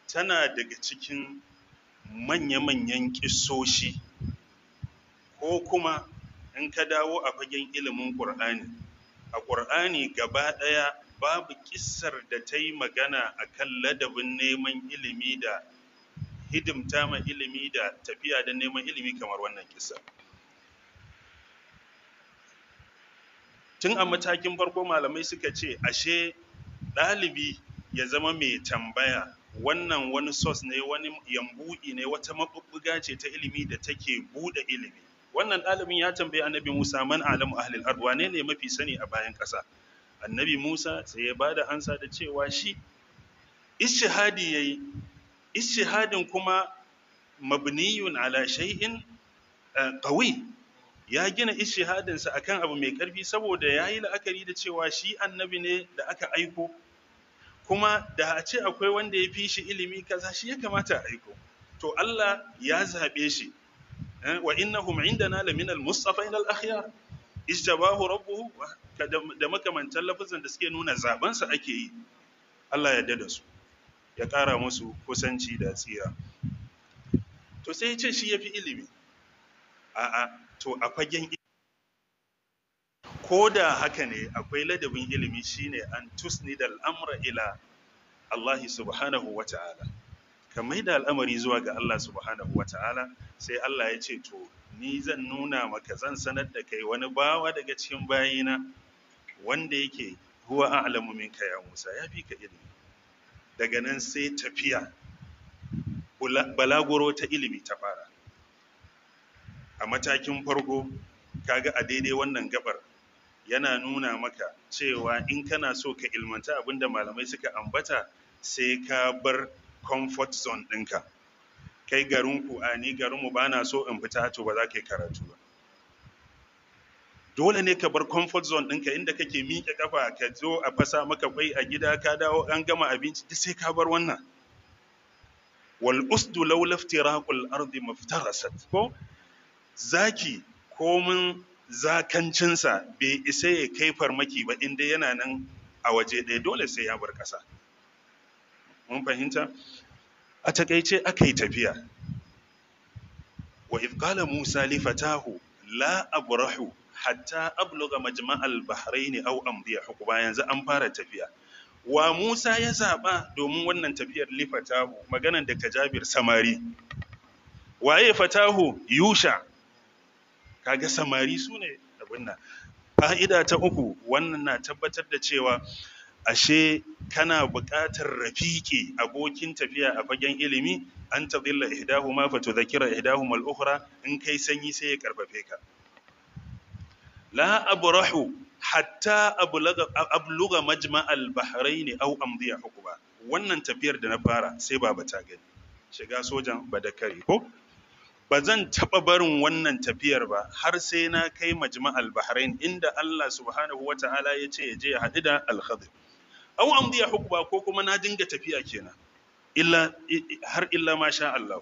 tana daga cikin manya-manyan kissoshi ko kuma in ka dawo a fagen ilimin Qur'ani a Qur'ani gaba ɗaya babu kissar da ta yi magana a kan ladabin neman ilimi da hidimta ma ilimi da tafiya da neman ilimi kamar wannan kissar tun a matakin farko malamai suka ce ashe ɗalibi ya zama mai tambaya wannan wani sos ne wani yambu'i ne wata maɓuɓɓuga ce ta ilimi da take buɗe ilimi wannan ɗalibin ya tambayi annabi musa man alamu ahlil ard wane ne mafi sani a bayan ƙasa annabi Musa sai ya bada ansa da cewa shi ishihadi yayi ishihadin kuma mabniyun ala shay'in eh, qawi ya gina ishihadin akan abu mai karfi saboda yayi la'akari da cewa shi annabi ne da aka aiko kuma da a ce akwai wanda ya fi shi ilimi kaza shi ya kamata a aiko to Allah ya zaɓe shi eh, wa innahum indana laminal mustafa inal akhyar istabahu rabbuhu da makamantan lafazan da suke nuna zaben sa ake yi Allah ya dada su ya ƙara musu kusanci da tsira to sai ya ce shi yafi ilimi 'a to a fagen ko da haka ne akwai ladabin ilimi shine an tusnida amra ila Allah subhanahu wa ta'ala ka maida al'amari zuwa ga Allah subhanahu wa ta'ala sai Allah ya ce to ni zan nuna maka zan sanar da kai wani bawa daga cikin bayina wanda yake huwa a'lamu minka ya Musa ya fi ka ilimi daga nan sai tafiya balaguro ta ilimi ta fara a matakin farko kaga a daidai wannan gabar yana nuna maka cewa in kana so ka ilmanta abinda malamai suka ambata sai ka bar comfort zone ɗinka kai garinku a ni garinmu ba na so in fita to ba za ka yi karatu ba dole ne ka bar comfort zone ɗinka inda kake miƙe ƙafa ka zo a fasa maka kwai a gida ka dawo an gama abinci duk sai ka bar wannan wal usdu law laftiraqul ardi maftarasat ko zaki komin zakancinsa bai isa ya kai farmaki ba inda yana nan a waje ɗaya dole sai ya bar ƙasa mun fahimta a takaice aka yi tafiya wa ifkala musa li fatahu la abrahu hatta abluga majma'al bahrain aw amdiya hukuma yanzu an fara tafiya wa musa ya zaba domin wannan tafiyar li fatahu maganan da kajabir samari waye fatahu yusha kaga samari sune abunna fa'ida ta uku wannan na tabbatar da cewa ashe kana buƙatar rafiqi abokin tafiya a fagen ilimi an tadilla ihdahuma fa tudhakira ihdahuma al-ukhra in kai sanyi sai ya karfafe ka la abrahu hatta abluga abluga majma' al-bahrain aw amdiya hukuma wannan tafiyar da na fara sai baba ta gani shiga sojan badakari ko ba zan taɓa barin wannan tafiyar ba har sai na kai majma'al bahrain inda Allah subhanahu wa ta'ala ya ce ya je ya haɗu da al aw amdiya hukuba ko kuma na dinga tafiya kenan illa har illa ma sha Allah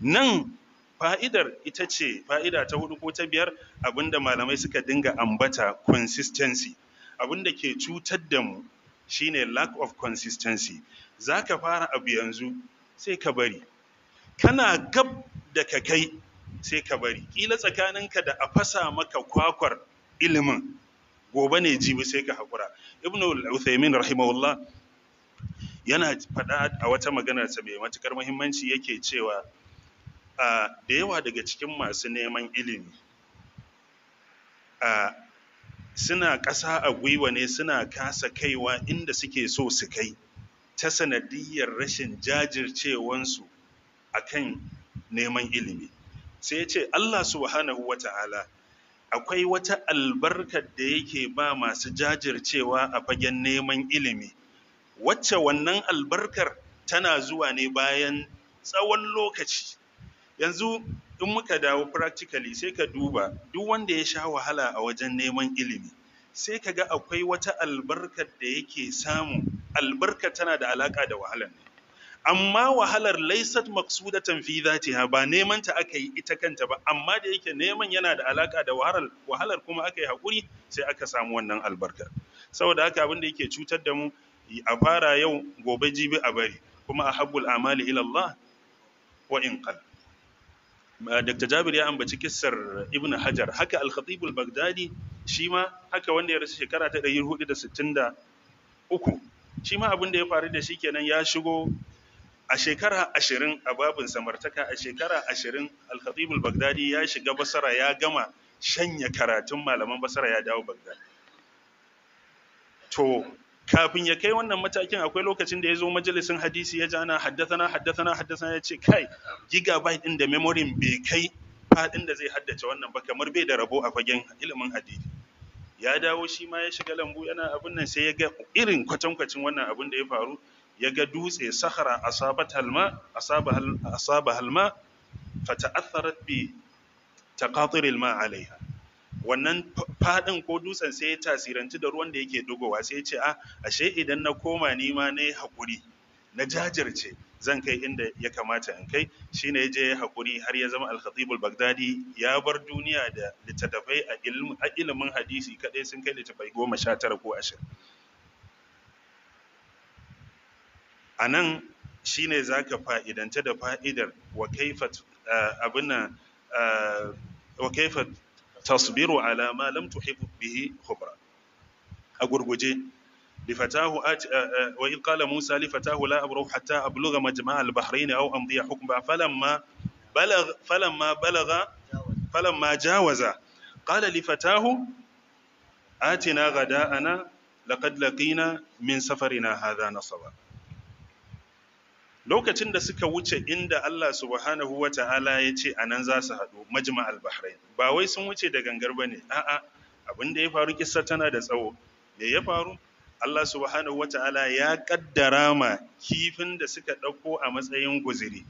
nan fa'idar ita ce fa'ida ta hudu ko ta biyar abinda malamai suka dinga ambata consistency abinda ke cutar da mu shine lack of consistency zaka fara abu yanzu sai ka bari kana gab da ka kai sai ka bari kila tsakaninka da a fasa maka kwakwar ilimin gobe ne jibi sai ka haƙura ibn al-uthaymin rahimahullah yana faɗa a wata maganarsa ta mai matukar muhimmanci yake cewa a da yawa daga cikin masu neman ilimi a suna ƙasa a gwiwa ne suna kasa kaiwa inda suke so su kai ta sanadiyar rashin jajircewansu a kan neman ilimi sai ya ce Allah subhanahu wa ta'ala akwai wata albarkar da yake ba masu jajircewa a fagen neman ilimi wacce wannan albarkar tana zuwa ne bayan tsawon lokaci yanzu in muka dawo practically sai ka duba duk wanda ya sha wahala a wajen neman ilimi sai ka ga akwai wata albarkar da yake samu albarka tana da alaƙa da wahalar ne amma wahalar laisat maqsudatan fi zatiha ba neman ta aka yi ita kanta ba amma da yake neman yana da alaka da wahalar wahalar kuma aka yi hakuri sai aka samu wannan albarka saboda haka abin da yake cutar da mu a fara yau gobe jibi a bari kuma a habbul amali ila Allah wa in qal Dr. Jabir ya ambaci kissar Ibn Hajar haka Al-Khatib al-Baghdadi shi ma haka wanda ya rasu shekara ta 463 shi ma abin da ya faru da shi kenan ya shigo a shekara ashirin a babin samartaka a shekara ashirin alkhatibul bagdadi ya shiga basara ya gama shanya karatun malaman basara ya dawo bagdadi to kafin ya kai wannan matakin akwai lokacin da ya zo majalisin hadisi ya ji na haddathana haddathana haddathana ya ce kai gigabyte din da memory bai kai fadin da zai haddace wannan ba kamar bai da rabo a fagen ilimin hadisi ya dawo shi ma ya shiga lambu yana abin nan sai ya ga irin kwatankwacin wannan abin da ya faru ya ga dutse sahara asaba halma fata'atharat bi taqatiril ma alaiha wannan fadin ko dutsen sai ya tasiranci da ruwan da yake dugowa sai ya ce a ah, ashe idan na koma ni ma na yi haƙuri na jajirce zan kai inda ya kamata in kai shine ya je ya haƙuri har ya zama al bagdadi ya bar duniya da littattafai a ilimin hadisi kaɗai, sun kai littattafai goma sha tara ko ashirin a nan shi ne za ka fa'idanta da fa'idar wa kaifa eh, eh, tasbiru alama ma lam tuhib bihi khubra a gurguje lifatahu eh, wa in qala musa lifatahu la abru hatta abluga majma' al-bahrayn aw amdiya hukma falamma balagha falamma balagha falamma jawaza qala lifatahu atina ghada'ana laqad laqina min safarina hadha nasaba lokacin da suka wuce inda Allah subhanahu wa ta'ala ya ce a nan za su haɗu majma'al bahrain ba wai sun wuce da gangar ba ne a'a abin da ya faru kissa tana da tsawo me ya faru Allah subhanahu wa ta'ala ya kaddara ma kifin da suka ɗauko a matsayin guziri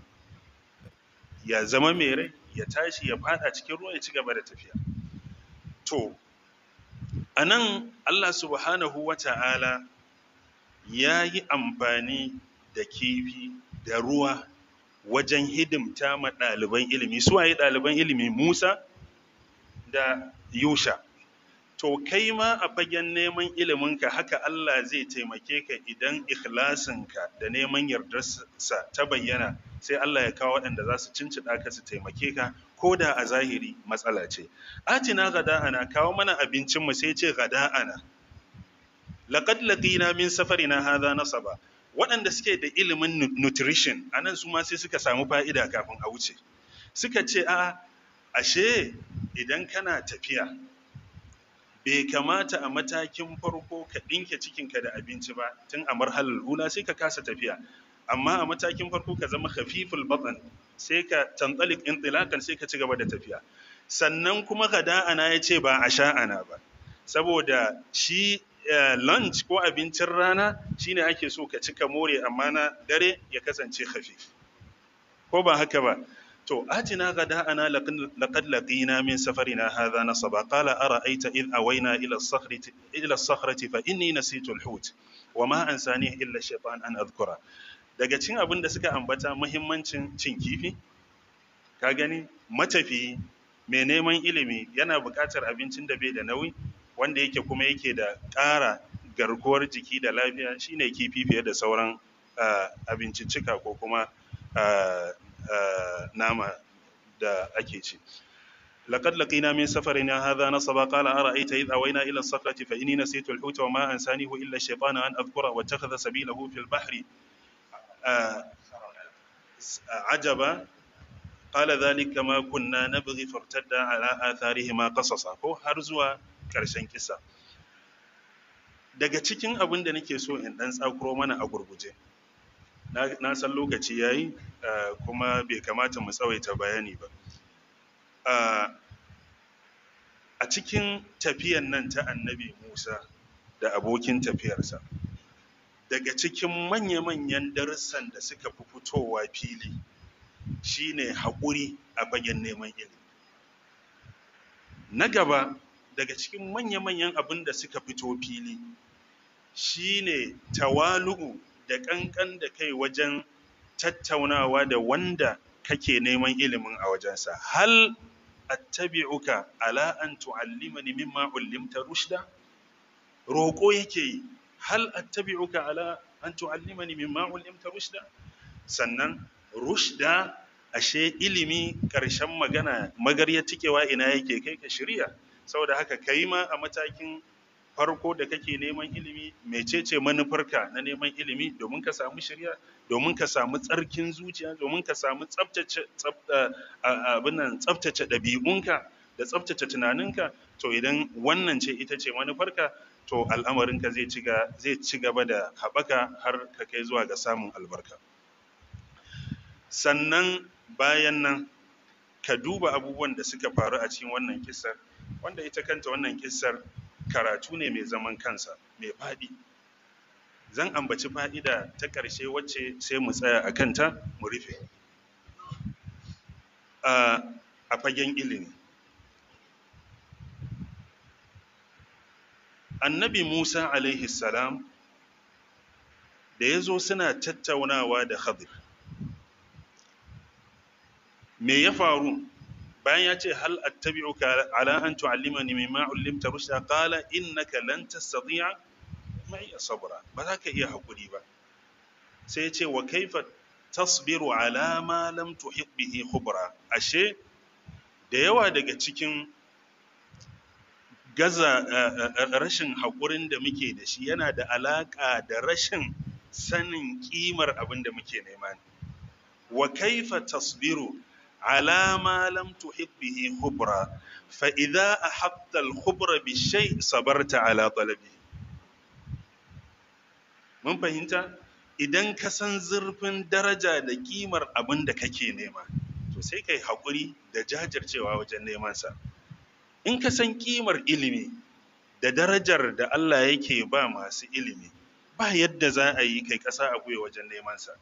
ya zama mai rai ya tashi ya faɗa cikin ruwa ya ci gaba da tafiya to a nan Allah subhanahu wa ta'ala ya yi amfani da kifi da ruwa wajen hidimta ma ɗaliban ilimi su waye ɗaliban ilimi Musa da Yusha to kai ma a fagen neman iliminka haka Allah zai taimake ka idan ikhlasinka da neman yardarsa ta bayyana sai Allah ya kawo waɗanda za su cincida ka su taimake ka ko da a zahiri matsala ce atina gada'ana kawo mana abincin mu sai ce gada'ana laqad laqina min na hadha nasaba waɗanda suke da ilimin nutrition a nan su ma sai suka samu fa'ida kafin a wuce suka ce a ashe idan kana tafiya bai kamata a matakin farko ka ɗinke cikinka da abinci ba tun a marhalar hula sai ka kasa tafiya amma a matakin farko ka zama hafifin batsan sai ka tantalik intilakan sai ka ci gaba da tafiya sannan kuma da'ana ya ce ba a sha'ana ba saboda shi Eh, lunch ko abincin rana shine ake so ka cika more amma na dare ya kasance khafif ko ba haka ba to atina gada'ana laqad laqina min safarina hadha nasaba qala ara'aita id awayna ila as-sakhrati ila as-sakhrati fa inni nasitu al-hut wa ma ansani illa shaytan an adhkura daga cin abin da suka ambata muhimmancin cin kifi ka gani matafiyi mai neman ilimi yana buƙatar abincin da bai da nauyi wanda yake kuma yake da ƙara garkuwar jiki da lafiya shine kifi fiye da sauran abinciccika ko kuma nama da ake ci لقد لقينا من سفرنا هذا نصبا قال أرأيت إذ أوينا إلى الصخرة فإني نسيت الحوت وما أنسانيه إلا الشيطان أن أذكره واتخذ سبيله في البحر عجبا قال ذلك ما كنا نبغي فارتدا على آثارهما قصصا هو هرزوا ƙarshen kisa daga cikin abin da nake so in ɗan tsakuro mana a gurguje na san lokaci ya yi kuma bai kamata mu tsawaita bayani ba a cikin tafiyan nan ta annabi musa da abokin tafiyarsa daga cikin manya-manyan darussan da suka fi fitowa fili shine haƙuri a fagen neman ilimi na gaba daga cikin manya-manyan abin da suka fito fili shine tawalu'u da ƙanƙan da kai wajen tattaunawa da wanda kake neman ilimin a wajensa hal attabi'uka ala an tu'allimani mimma ullimta rushda roƙo yake yi hal attabi'uka ala an tu'allimani mimma ullimta rushda sannan rushda ashe ilimi ƙarshen magana magarya tikewa ina yake kai ka shirya saboda haka ka yi ma a matakin farko da kake neman ilimi mecece manufarka na neman ilimi domin ka samu shirya domin ka samu tsarkin zuciya domin ka samu tsaftace tsaftace eh, ɗabi'unka da tsaftace tunaninka to idan wannan ce ita ce manufarka to al'amarinka zai zai ci gaba da haɓaka har ka kai zuwa ga samun albarka sannan bayan nan ka duba abubuwan da suka faru a cikin wannan kisar wanda ita kanta wannan kissar karatu ne mai zaman kansa mai faɗi zan ambaci fa'ida ta ƙarshe wacce sai mu tsaya a kanta mu rufe a fagen ilimi annabi musa alaihi salam da ya zo suna tattaunawa da khadir me ya faru bayan ya ce hal attabi'uka ala an tu'allimani mimma ullimta rushda qala innaka lan tastati'a mai sabra ba za ka iya hakuri ba sai ya ce wa kaifa tasbiru ala ma lam bihi khubra ashe da yawa daga cikin gaza eh, eh, eh, rashin hakurin da muke da shi yana da alaka da rashin sanin kimar abin da muke nema wa kaifa tasbiru ala ma lam tuhit bihi khubra fa idza ahatta sabarta ala mun fahimta idan ka san zurfin daraja da kimar abin da kake nema to sai kai haƙuri da jajircewa wajen neman sa in ka san kimar ilimi da darajar da Allah yake ba masu ilimi ba yadda za a yi kai ƙasa a gwiwa wajen neman sa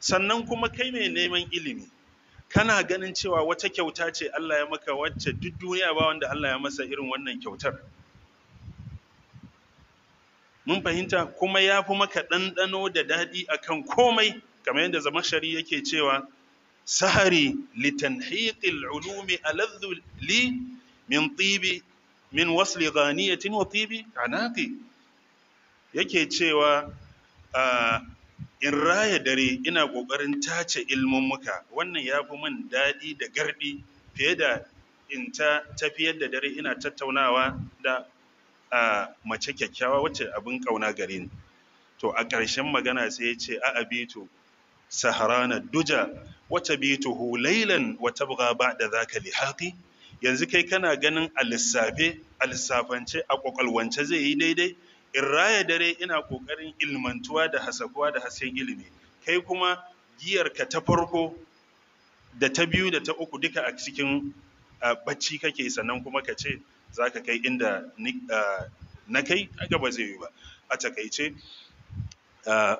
sannan kuma kai mai neman ilimi kana ganin cewa wata kyauta ce Allah ya maka wacce duk duniya ba wanda Allah ya masa irin wannan kyautar mun fahimta kuma ya fi maka ɗanɗano da daɗi akan komai kamar yadda zamashari yake cewa sahari litanhiqil ulumi aladhu li min tibi min wasli ghaniyatin wa tibi anaqi yake cewa ah, in raya dare ina ƙoƙarin tace ilmummuka wannan ya fi min daɗi da garɗi fiye da in ta tafiyar da dare ina tattaunawa da a mace kyakkyawa wacce abin ƙauna gare ni to a ƙarshen magana sai ya ce a abitu saharana duja wata hu lailan wata buga ba da zaka lihaqi yanzu kai kana ganin a lissafe a lissafance a ƙwaƙwalwance zai yi daidai in raya dare ina ƙoƙarin ilmantuwa da hasakuwa da hasken ilimi kai kuma giyarka ta farko da ta biyu da ta uku duka a cikin bacci kake sannan kuma ka ce za ka kai inda na kai A ba zai yi ba a takaice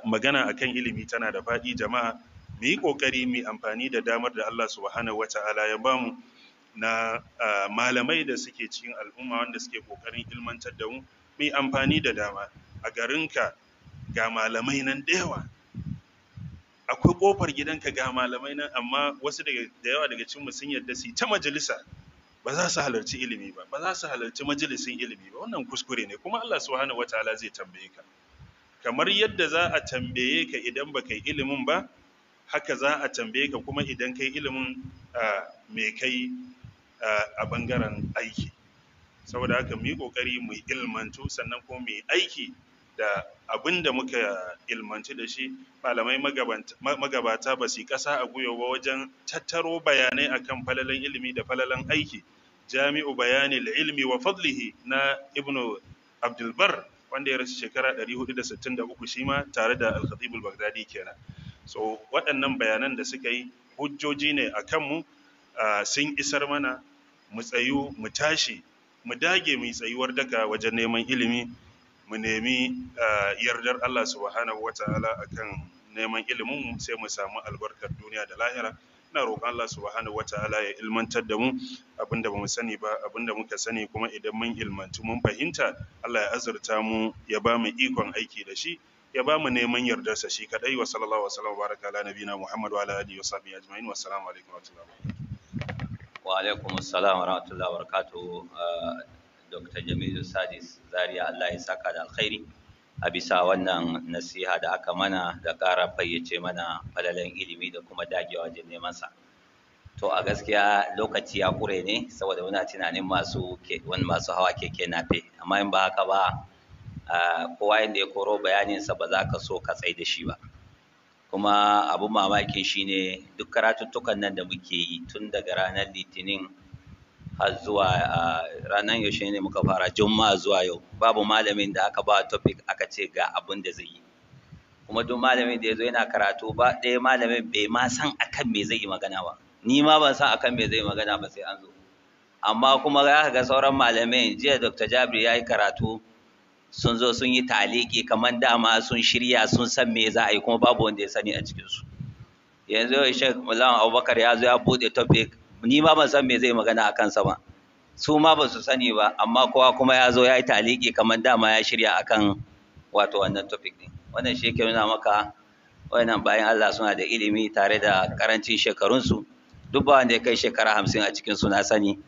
magana akan ilimi tana da faɗi jama'a mu yi ƙoƙari mu amfani da damar da Allah subhanahu wata'ala ya bamu na malamai da suke cikin al'umma wanda suke ƙoƙarin ilmantar da mu mai amfani da dama a garinka ga malamai nan da yawa akwai kofar gidanka ga malamai nan amma wasu da yawa daga cikinmu sun yarda su yi, ta majalisa ba za su halarci ilimi ba ba za su halarci majalisin ilimi ba wannan kuskure ne kuma Allah subhanahu wataala zai tambaye ka kamar yadda za a tambaye ka idan ba yi ilimin ba haka za a tambaye ka kuma idan kai ilimin ah, me kai ah, a bangaren aiki saboda haka mu yi ƙoƙari mu ilmantu sannan kuma mu yi aiki da abin da muka ilmantu da shi malamai magabata ba su ƙasa a gwiwa ba wajen tattaro bayanai akan falalan ilimi da falalan aiki jami'u bayani da ilimi wa fadlihi na ibnu abdulbar wanda ya rasu shekara 463 shi ma tare da al bagdadi al kenan so waɗannan bayanan da suka yi hujjoji ne akan mu ah, sun isar mana mu tsayu mu tashi mu dage mu tsayuwar daka wajen neman ilimi mu nemi eh, yardar Allah subhanahu wataala akan neman ilimin sai mu samu albarkar duniya da lahira ina roƙon Allah subhanahu wataala ya ilmantar da mu abinda bamu sani ba abinda muka sani kuma idan mun ilmantu mun fahimta Allah ya azurta mu ya ba mu ikon aiki da shi ya ba mu neman yardarsa shi kadai wa sallallahu alaihi wa sallam baraka ala nabiyina Muhammad wa ala alihi wa sahbihi ajma'in wa assalamu alaikum wa rahmatullahi
wa alaikum assalam wa rahmatullahi wa barakatuhu uh, dr jamilu sadis zaria allah ya saka da alkhairi a bisa wannan nasiha da aka mana da ƙara fayyace mana falalan ilimi da kuma dagewa wajen neman sa to a gaskiya lokaci ya ƙure ne saboda muna tunanin masu wani masu hawa keke nafe amma in ba haka ba uh, kowa yanda ya koro bayaninsa ba za ka so ka tsai da shi ba kuma abun mamaki shine duk karatuttukan nan da muke yi tun daga ranar litinin har zuwa ranar yaushe ne muka fara juma'a zuwa yau babu malamin da aka ba topic aka ce ga abun da zai yi kuma duk malamin da ya zo yana karatu ba ɗaya malamin bai ma san akan me zai yi magana ba ni ma ban san akan me zai yi magana ba sai an zo amma kuma za ka ga sauran malamai jiya dr jabir ya yi karatu sun zo sun yi taliki kamar dama sun shirya sun san me za a yi kuma babu wanda ya sani a cikinsu yanzu shek Mulam abubakar ya zo ya buɗe topic ni ma ban san me zai magana a kansa ba su ma ba su sani ba amma kowa kuma ya zo ya yi taliki kamar dama ya shirya akan wato wannan topic ɗin wannan shi yake nuna maka wannan bayan allah suna da ilimi tare da karancin shekarunsu duk ba wanda ya kai shekara hamsin a cikinsu na sani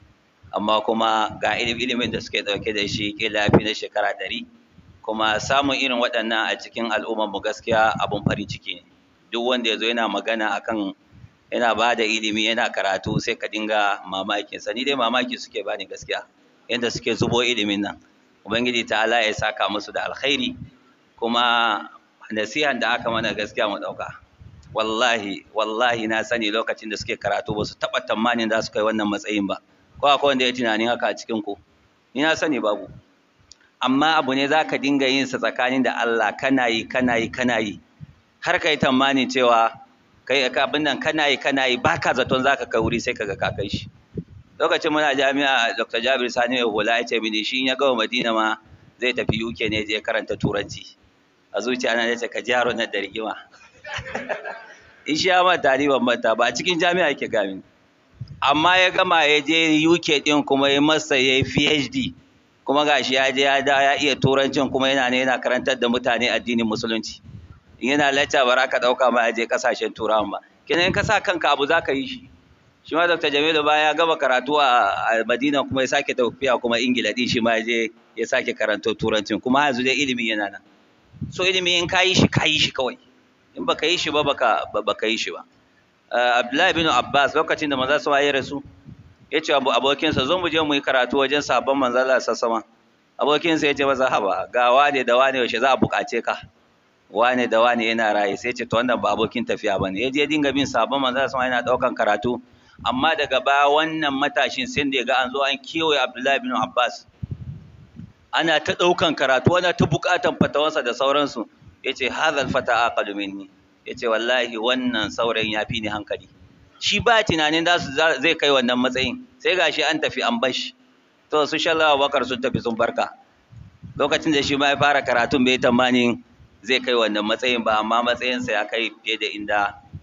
amma kuma ga ilimin da suke ɗauke da shi ƙila fi na shekara ɗari kuma samun irin waɗannan a cikin al'ummar mu gaskiya abun farin ciki ne duk wanda ya zo yana magana akan yana ba da ilimi yana karatu sai ka dinga mamakin sa ni dai mamaki suke bani gaskiya yadda suke zubo ilimin nan ubangiji ta'ala ya saka musu da alkhairi kuma nasihan da aka mana gaskiya mu ɗauka. wallahi wallahi na sani lokacin da suke karatu ba su taɓa tamanin za su kai wannan matsayin ba ko akwai wanda ya tunanin haka a cikin ku ni na sani babu amma abu ne za ka dinga yin sa tsakanin da Allah kana yi kana yi kana yi har kai tamani cewa kai abin nan kana yi kana yi baka zaton zaka kai wuri sai kaga ka kai shi lokacin muna jami'a Dr. Jabir Sani Hula ya ce mini shi ya gama Madina ma zai tafi UK ne je karanta turanci a zuciya na ce ka jaro na da rigima [laughs] in shi ya ni ba a cikin jami'a yake gamin amma ya gama ya je UK din kuma ya masa ya PhD kuma gashi ya je ya dawo ya iya turancin kuma yana ne yana karantar da mutane addinin musulunci yana lacca ba ka dauka ma ya je kasashen turawan ba kenan in ka sa kanka abu zaka yi shi shi ma Dr. Jamilu baya ya gama karatu a Madina kuma ya sake tafiya kuma Ingila din shi ma ya je ya sake karanto turancin kuma yanzu dai ilimi yana nan so ilimi in ka yi shi ka yi shi kawai in baka yi shi ba baka baka yi shi ba Eh, Abdullahi bin Abbas lokacin da manzo sama ya rasu ya ce abu abokinsa zo mu je mu yi karatu wajen sabon manzo Allah sassama abokinsa ya ce masa haba ga wane da wane yaushe za a buƙace ka wane da wane yana raye sai ce to wannan ba abokin tafiya ba ne ya je dinga bin sabon manzo Allah yana ɗaukan karatu amma daga baya wannan matashin sai da ya ga an zo an kewaye Abdullahi bin Abbas ana ta ɗaukan karatu ana ta bukatan fatawansa da sauransu ya ce hazal fata aqalu minni ya ce wallahi wannan saurayin ya fi ni hankali shi ba tunanin za zai kai wannan matsayin sai ga shi an tafi an bashi to su shallawa bakar sun tafi sun barka lokacin da shi ma ya fara karatun bai tamani zai kai wannan matsayin ba amma matsayinsa ya kai fiye da inda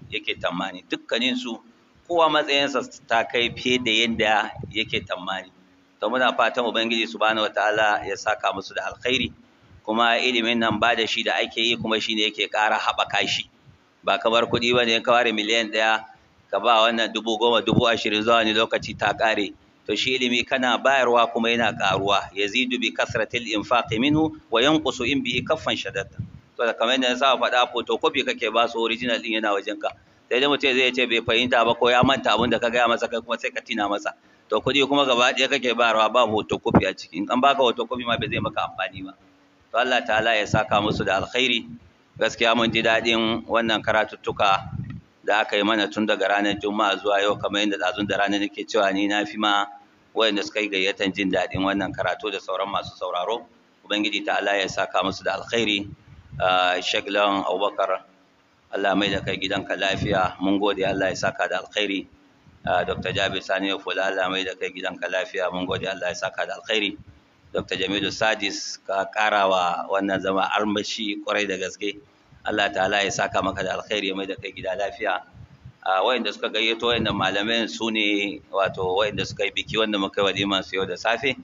yake tamani dukkanin su kowa matsayinsa ta kai fiye da yadda yake tamani to muna fatan ubangiji subhanahu wataala ya saka musu da alkhairi kuma ilimin nan ba da shi da ake yi kuma shine yake ƙara haɓaka shi ba kamar kuɗi ba ne ka ware miliyan ɗaya ka ba wannan dubu goma dubu ashirin zuwa wani lokaci ta ƙare to shi ilimi kana bayarwa kuma yana ƙaruwa Ya zidu bi kasratil infaqi minhu wa yanqusu in bihi kaffan shadatta to da kamar yadda sa faɗa photocopy kake ba su original din yana wajenka sai dai mutum zai ce bai fahimta ba ko ya manta abin da ka gaya masa kai kuma sai ka tina masa to kuɗi kuma gaba ɗaya kake bayarwa ba photocopy a ciki in an baka photocopy ma bai zai maka amfani ba to Allah ta'ala ya saka musu da alkhairi gaskiya mun ji daɗin wannan karatuttuka da aka yi mana tun daga ranar juma'a zuwa yau kamar yadda ɗazun da ranar nake cewa ni na fi ma wayanda suka yi gayyatan jin daɗin wannan karatu da sauran masu sauraro ubangiji ta Allah ya saka musu da alkhairi ah, shaglan abubakar Allah mai da kai gidanka lafiya mun gode Allah ya saka da alkhairi ah, dr jabir sani ya fula Allah mai da kai gidanka lafiya mun gode Allah ya saka da alkhairi dr jamilu sadis ka ƙara wa wannan zama armashi kwarai da gaske allah ta'ala ya saka maka da alkhairi mai da kai gida lafiya a wayanda suka gayyato wayannan malamai su ne wato wayanda suka yi biki wanda muka yi walima su yau da safe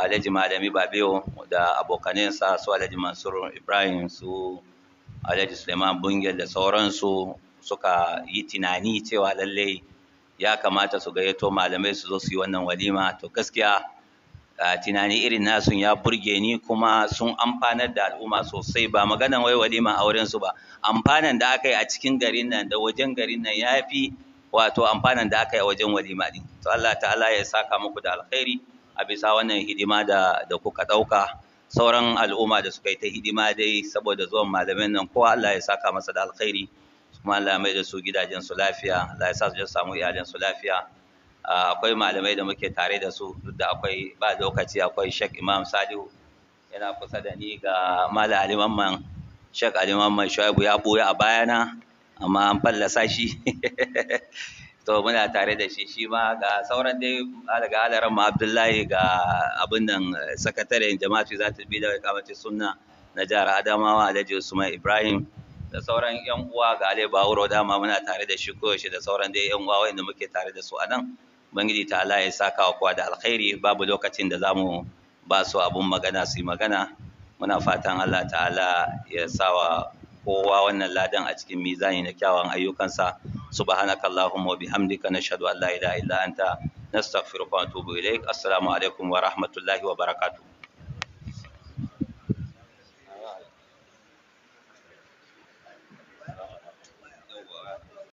alhaji malami babeo da abokanensa su alhaji mansur ibrahim su alhaji suleiman bungel da sauransu suka yi tunani cewa lallai ya kamata su gayyato malamai su zo su yi wannan walima to gaskiya tunani irin nasu ya burge ni kuma sun amfanar da al'umma sosai ba maganan wai walima auren su ba amfanan da aka yi a cikin garin nan da wajen garin nan ya fi wato amfanan da aka yi a wajen walima din to Allah ta'ala ya saka muku da alkhairi a bisa wannan hidima da da kuka dauka sauran al'umma da suka yi ta hidima dai saboda zuwan malamin nan kowa Allah ya saka masa da alkhairi kuma Allah ya mai da su gidajen su lafiya Allah ya sa su samu iyalen su lafiya Ah, akwai malamai da muke tare da su duk da akwai ba lokaci akwai shek Imam Salihu yana kusa da ni ga Malam Ali Mamman shek Ali Mamman Shuaibu ya boye a bayana amma an fallasa shi [laughs] to muna tare da shi shi ma ga sauran dai daga alaran ma Abdullahi ga abin nan sakataren jama'atu za ta bi da kamacin sunna na jihar Adamawa Alhaji Usman Ibrahim da sauran yan uwa ga Ale Bawuro dama muna tare da shi koyaushe da sauran dai yan uwa wanda muke tare da su a nan ubangiji ta Allah ya saka wa kowa da alkhairi babu lokacin da zamu ba su abun magana su magana muna fatan Allah ta'ala ya sa wa kowa wannan ladan a cikin mizani na kyawawan ayyukansa subhanakallahumma wa bihamdika nashhadu an la ilaha illa anta nastaghfiruka wa atubu ilaik assalamu alaikum wa rahmatullahi wa barakatuh